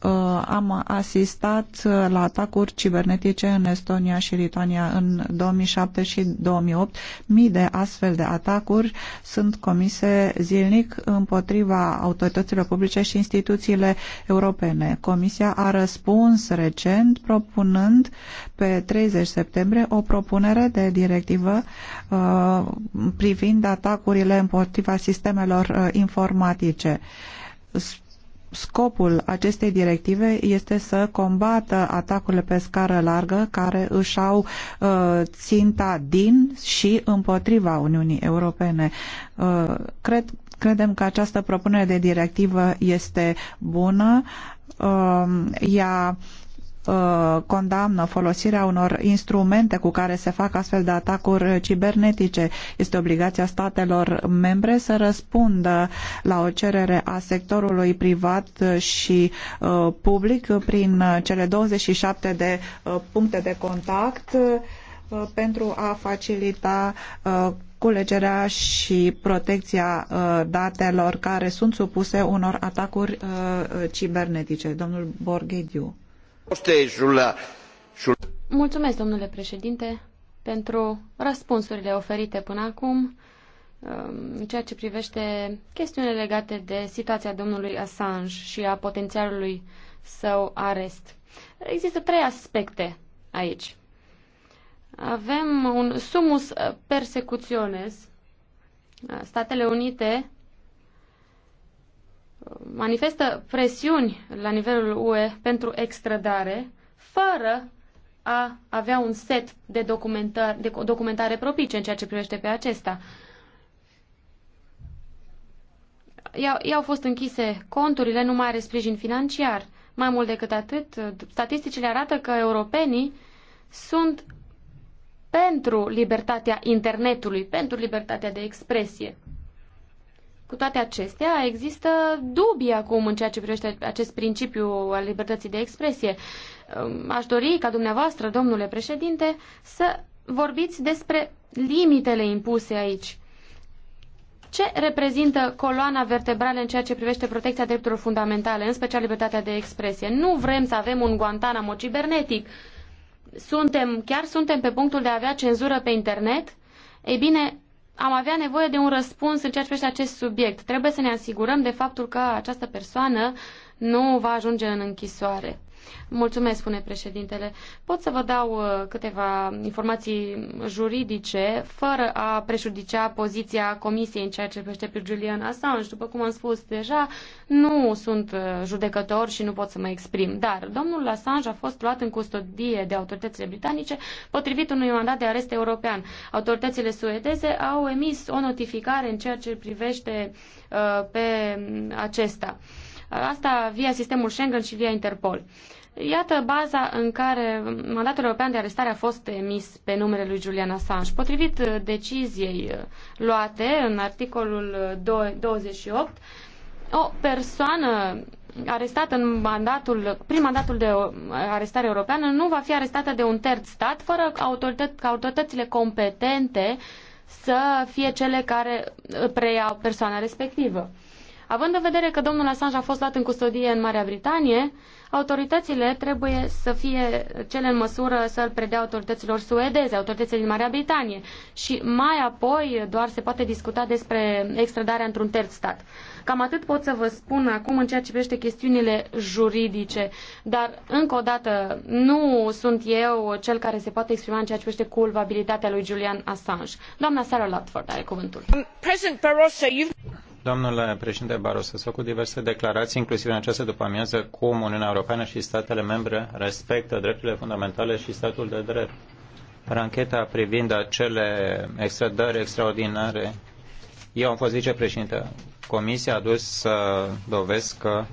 Uh, am asistat uh, la atacuri cibernetice în Estonia și Lituania în 2007 și 2008. Mii de astfel de atacuri sunt comise zilnic împotriva autorităților publice și instituțiile europene. Comisia a răspuns recent propunând pe 30 septembrie o propunere de directivă uh, privind atacurile împotriva sistemelor informatice Scopul acestei directive este să combată atacurile pe scară largă care își au uh, ținta din și împotriva Uniunii Europene. Uh, cred, credem că această propunere de directivă este bună. Uh, ea Uh, condamnă folosirea unor instrumente cu care se fac astfel de atacuri cibernetice. Este obligația statelor membre să răspundă la o cerere a sectorului privat și uh, public prin cele 27 de uh, puncte de contact pentru a facilita culegerea și protecția datelor care sunt supuse unor atacuri cibernetice. Domnul Borghediu mulumesc domnule președinte, pentru răspunsurile oferite până acum um, în ceea ce privește chestiunile legate de situația domnului Assange și a potențialului său arest. Există trei aspecte aici. Avem un sumus persecutiones. Statele Unite manifestă presiuni la nivelul UE pentru extradare, fără a avea un set de, documentar, de documentare propice în ceea ce privește pe acesta. I-au fost închise conturile, nu mai are sprijin financiar. Mai mult decât atât, statisticile arată că europenii sunt pentru libertatea internetului, pentru libertatea de expresie. Cu toate acestea, există dubii acum în ceea ce privește acest principiu al libertății de expresie. Aș dori ca dumneavoastră, domnule președinte, să vorbiți despre limitele impuse aici. Ce reprezintă coloana vertebrală în ceea ce privește protecția drepturilor fundamentale, în special libertatea de expresie? Nu vrem să avem un Guantanamo cibernetic. Suntem, chiar suntem pe punctul de a avea cenzură pe internet? Ei bine, am avea nevoie de un răspuns în ceea ce privește acest subiect. Trebuie să ne asigurăm de faptul că această persoană nu va ajunge în închisoare. Mulțumesc, spune președintele. Pot să vă dau uh, câteva informații juridice fără a prejudicia poziția Comisiei în ceea ce privește pe Julian Assange. După cum am spus deja, nu sunt uh, judecător și nu pot să mă exprim. Dar domnul Assange a fost luat în custodie de autoritățile britanice potrivit unui mandat de arest european. Autoritățile suedeze au emis o notificare în ceea ce privește uh, pe acesta. Asta via sistemul Schengen și via Interpol. Uh, Iată baza în care mandatul european de arestare a fost emis pe numele lui Julian Assange. Potrivit uh, deciziei uh, luate în articolul 28, uh, o persoană arestată în mandatul, prin mandatul de arestare europeană nu va fi arestată de un terț stat fără ca autoritățile competente să fie cele care preiau persoana respectivă. Având în vedere că domnul Assange a fost luat în custodie în Marea Britanie, uh, autoritățile trebuie să fie cele în măsură să îl predea autorităților suedeze, autoritățile din Marea Britanie și mai apoi doar se poate discuta despre extradarea într-un terț stat. Cam atât pot să vă spun acum în ceea ce privește chestiunile juridice, dar încă o dată nu sunt eu cel care se poate exprima în ceea ce privește culpabilitatea lui Julian Assange. Doamna Sarah Lutford are cuvântul. President Barroso, you've... Domnule președinte Barroso, s-au făcut diverse declarații, inclusiv în această după-amiază, cum Uniunea Europeană și statele membre respectă drepturile fundamentale și statul de drept. Rancheta privind acele extradări extraordinare, eu am fost vicepreședinte. Comisia a dus să dovesc că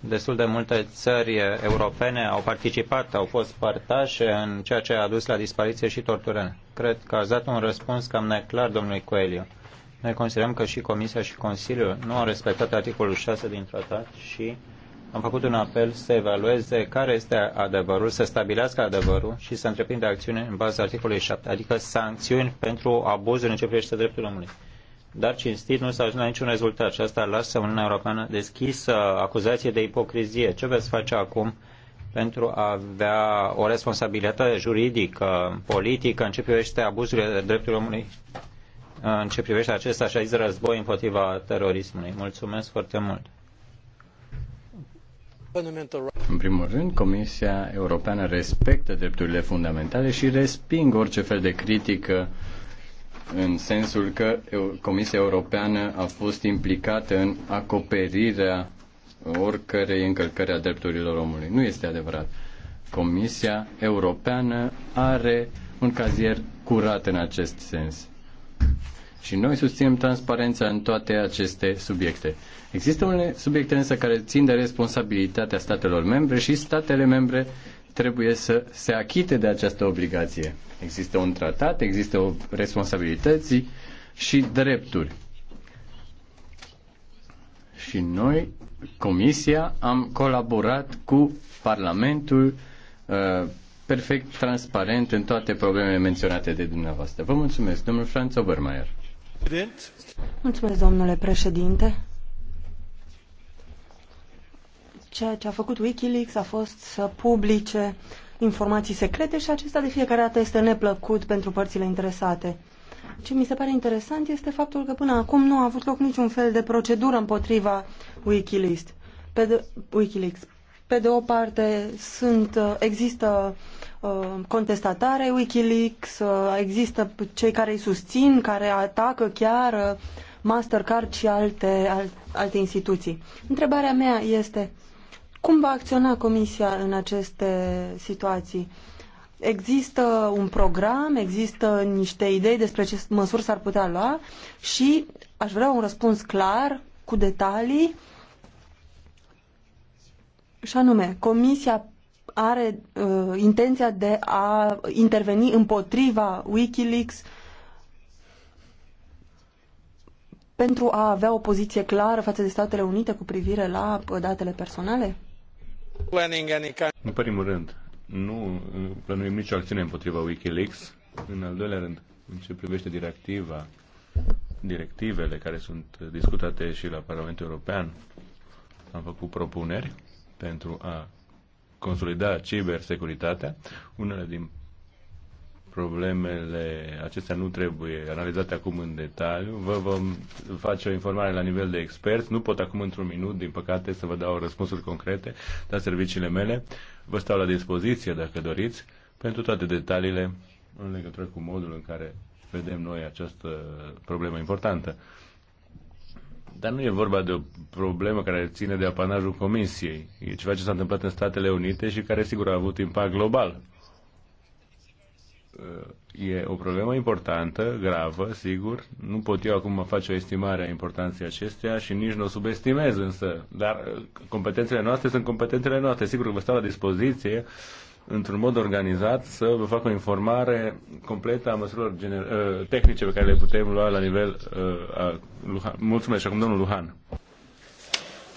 destul de multe țări europene au participat, au fost partașe în ceea ce a dus la dispariție și tortură. Cred că a dat un răspuns cam neclar domnului Coelho noi considerăm că și Comisia și Consiliul nu au respectat articolul 6 din tratat și am făcut un apel să evalueze care este adevărul, să stabilească adevărul și să întreprindă acțiune în baza articolului 7, adică sancțiuni pentru abuzul în ce privește dreptul omului. Dar cinstit nu s-a ajuns la niciun rezultat și asta lasă Uniunea Europeană deschisă acuzație de ipocrizie. Ce veți face acum pentru a avea o responsabilitate juridică, politică în ce privește abuzurile dreptului omului în ce privește acest așa zis război împotriva terorismului. Mulțumesc foarte mult! În primul rând, Comisia Europeană respectă drepturile fundamentale și resping orice fel de critică în sensul că Comisia Europeană a fost implicată în acoperirea oricărei încălcări a drepturilor omului. Nu este adevărat. Comisia Europeană are un cazier curat în acest sens. Și noi susținem transparența în toate aceste subiecte. Există unele subiecte însă care țin de responsabilitatea statelor membre și statele membre trebuie să se achite de această obligație. Există un tratat, există o responsabilități și drepturi. Și noi, Comisia, am colaborat cu Parlamentul uh, perfect transparent în toate problemele menționate de dumneavoastră. Vă mulțumesc, domnul Franz Obermeier. Mulțumesc, domnule președinte. Ceea ce a făcut Wikileaks a fost să publice informații secrete și acesta de fiecare dată este neplăcut pentru părțile interesate. Ce mi se pare interesant este faptul că până acum nu a avut loc niciun fel de procedură împotriva Wikileaks. Pe de, Wikileaks. Pe de o parte sunt, uh, există uh, contestatare Wikileaks, uh, există cei care îi susțin, care atacă chiar Mastercard și alte, alte instituții. Întrebarea mea este, cum va acționa Comisia în aceste situații? Există un program, există niște idei despre ce măsuri s-ar putea lua și aș vrea un răspuns clar, cu detalii, și anume, Comisia are uh, intenția de a interveni împotriva Wikileaks pentru a avea o poziție clară față de Statele Unite cu privire la uh, datele personale? În primul rând, nu uh, plănuim nicio acțiune împotriva Wikileaks. În al doilea rând, în ce privește directiva, directivele care sunt discutate și la Parlamentul European, am făcut propuneri pentru a consolida cibersecuritatea. Unele din problemele acestea nu trebuie analizate acum în detaliu. Vă vom face o informare la nivel de experți. Nu pot acum într-un minut, din păcate, să vă dau răspunsuri concrete, dar serviciile mele vă stau la dispoziție, dacă doriți, pentru toate detaliile în legătură cu modul în care vedem noi această problemă importantă. Dar nu e vorba de o problemă care ține de apanajul Comisiei. E ceva ce s-a întâmplat în Statele Unite și care, sigur, a avut impact global. E o problemă importantă, gravă, sigur. Nu pot eu acum face o estimare a importanței acesteia și nici nu o subestimez, însă. Dar uh, competențele noastre sunt competențele noastre. Sigur că vă stau la dispoziție într-un mod organizat, să vă fac o informare completă a măsurilor gener- ă, tehnice pe care le putem lua la nivel uh, a Luhan. Mulțumesc și acum domnul Luhan.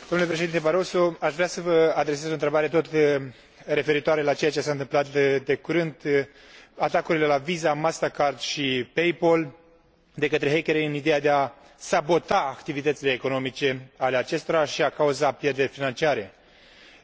Domnule președinte Barroso, aș vrea să vă adresez o întrebare tot ă, referitoare la ceea ce s-a întâmplat de, de curând, atacurile la Visa, Mastercard și PayPal de către hackeri în ideea de a sabota activitățile economice ale acestora și a cauza pierderi financiare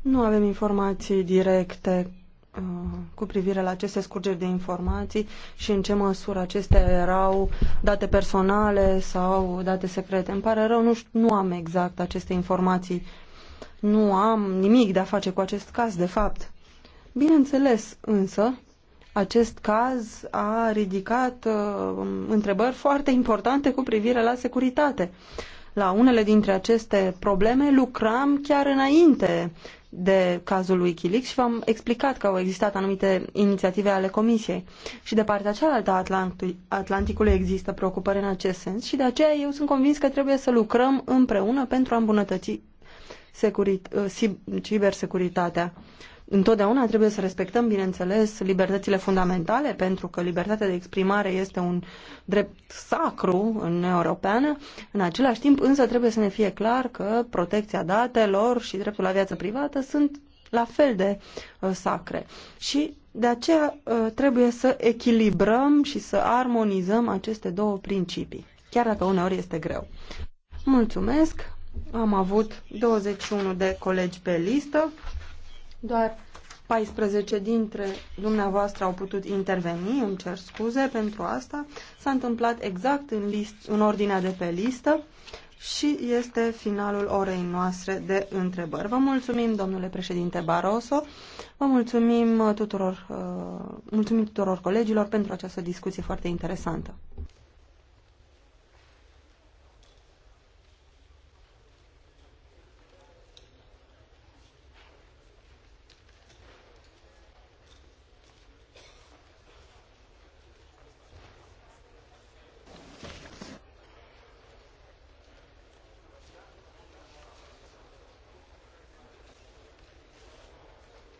Nu avem informații directe uh, cu privire la aceste scurgeri de informații și în ce măsură acestea erau date personale sau date secrete. Îmi pare rău, nu, știu, nu am exact aceste informații. Nu am nimic de a face cu acest caz, de fapt. Bineînțeles, însă, acest caz a ridicat uh, întrebări foarte importante cu privire la securitate. La unele dintre aceste probleme lucram chiar înainte de cazul Wikileaks și v-am explicat că au existat anumite inițiative ale Comisiei. Și de partea cealaltă a Atlanticului există preocupări în acest sens și de aceea eu sunt convins că trebuie să lucrăm împreună pentru a îmbunătăți securit- ă, cibersecuritatea. Uh, Întotdeauna trebuie să respectăm, bineînțeles, libertățile fundamentale, pentru că libertatea de exprimare este un drept sacru în europeană. În același timp, însă, trebuie să ne fie clar că protecția datelor și dreptul la viață privată sunt la fel de uh, sacre. Și de aceea uh, trebuie să echilibrăm și să armonizăm aceste două principii, chiar dacă uneori este greu. Mulțumesc! Am avut 21 de colegi pe listă. Doar 14 dintre dumneavoastră au putut interveni, îmi cer scuze pentru asta. S-a întâmplat exact în, list, în ordinea de pe listă și este finalul orei noastre de întrebări. Vă mulțumim, domnule președinte Barroso, vă mulțumim tuturor, uh, mulțumim tuturor colegilor pentru această discuție foarte interesantă.